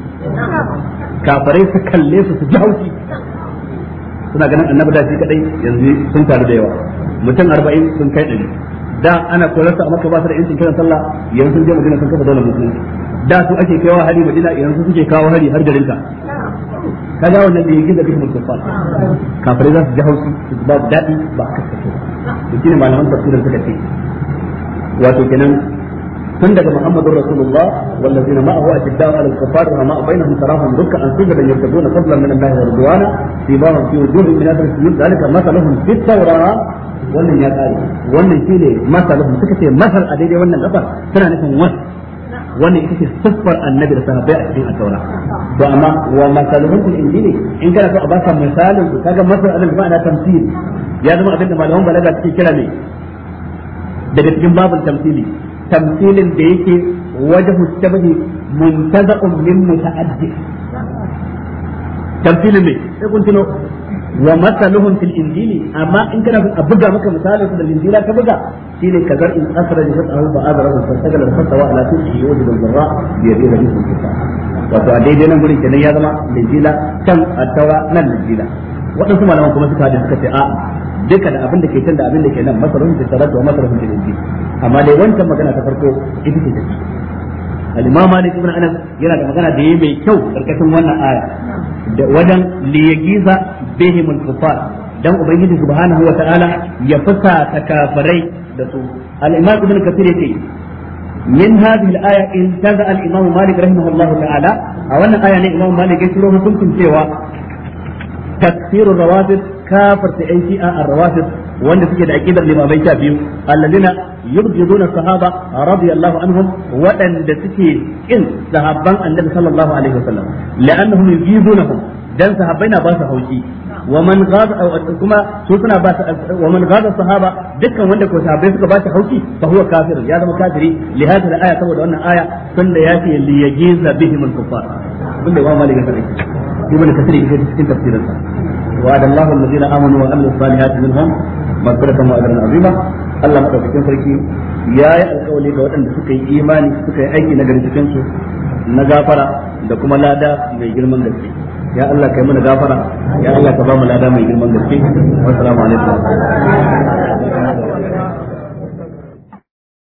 kafirai su kalle su su ji haushi suna ganin annabi da shi kadai yanzu sun taru da yawa mutum 40 sun kai dari da ana korarsa a maka ba su da yancin kiran sallah yanzu sun je magana sun kafa dole musulunci da su ake kaiwa hari madina yanzu suke kawo hari har garinka kaga wannan da yake da kuma kuffar kafirai za su ji haushi su ba dadi ba aka kace to shine malaman tafsirin suka ce wato kenan tun daga Muhammadur Rasulullah wallazina ma'ahu ashiddaw 'ala al-kuffar wa ma bainahum tarahum ruk'an sujadan yartabuna fadlan min Allah wa ridwana sibahum fi wujuhihim min athari sujud zalika mathaluhum fit tawrah wannan ya kare wannan shine masalahum suka ce masal a daidai wannan gaba suna nufin wasu wannan ita ce siffar annabi da sahabbai a cikin at-taura to amma wa masaluhum fil injili in kana so a baka misalin su kaga masalan ba na tamsil ya zama abin da malaman balaga suke kira ne daga cikin babul tamsili tamsilin da yake wajhu shabahi muntaza'un min muta'addi tamsilin ne sai kun tuno wa masaluhum fil injili amma in kana a buga maka misalin da injila ka buga shine kazar in asra da fatahu ba azrahu fa sagala fatawa ala tusi yawd al zarra bi yadi rabbi kitab wato a daidai nan gurin kenan ya zama injila kan at-taura nan injila Waɗansu malaman kuma suka da suka ce a duka da abin da ke can da abin da ke nan masarufi da salatu wa masarufi da injili amma dai wancan magana ta farko ita ce alima malik ibn anas yana da magana da yayi mai kyau karkashin wannan aya da wajen li yagiza bihim al-kufar dan ubangiji subhanahu wa ta'ala ya fasa takafarai da su al-imam ibn kathir yake min hadhihi al-aya in taza al-imam malik rahimahullahu ta'ala a wannan aya ne imam malik ya shiro hukuncin cewa takfirur rawatib kafirta ayyi a ar wanda suke da aqidar limamai sha biyu alladina yubghiduna sahaba radiyallahu anhum waɗanda suke kin sahabban annabi sallallahu alaihi wasallam la'annahum yughidunahum dan sahabbai na ba su hauki wa man ghada kuma su suna ba wa man ghada sahaba dukkan wanda ko sahabbai suka ba su hauki fa huwa kafir ya zama kafiri li hadhihi al-aya saboda wannan aya sanda ya ce li yajiza bihim al-kuffar kun da wa malika sai ibn kasir yake cikin tafsirinsa وعد الله الذين امنوا وعملوا الصالحات منهم مغفرة واجرا عظيما Allah madaukakin sarki ya yi alkawali ga waɗanda suka yi imani suka yi aiki na garjikin su na gafara da kuma lada mai girman ya Allah kai mana gafara ya Allah ka ba mu lada mai girman gaske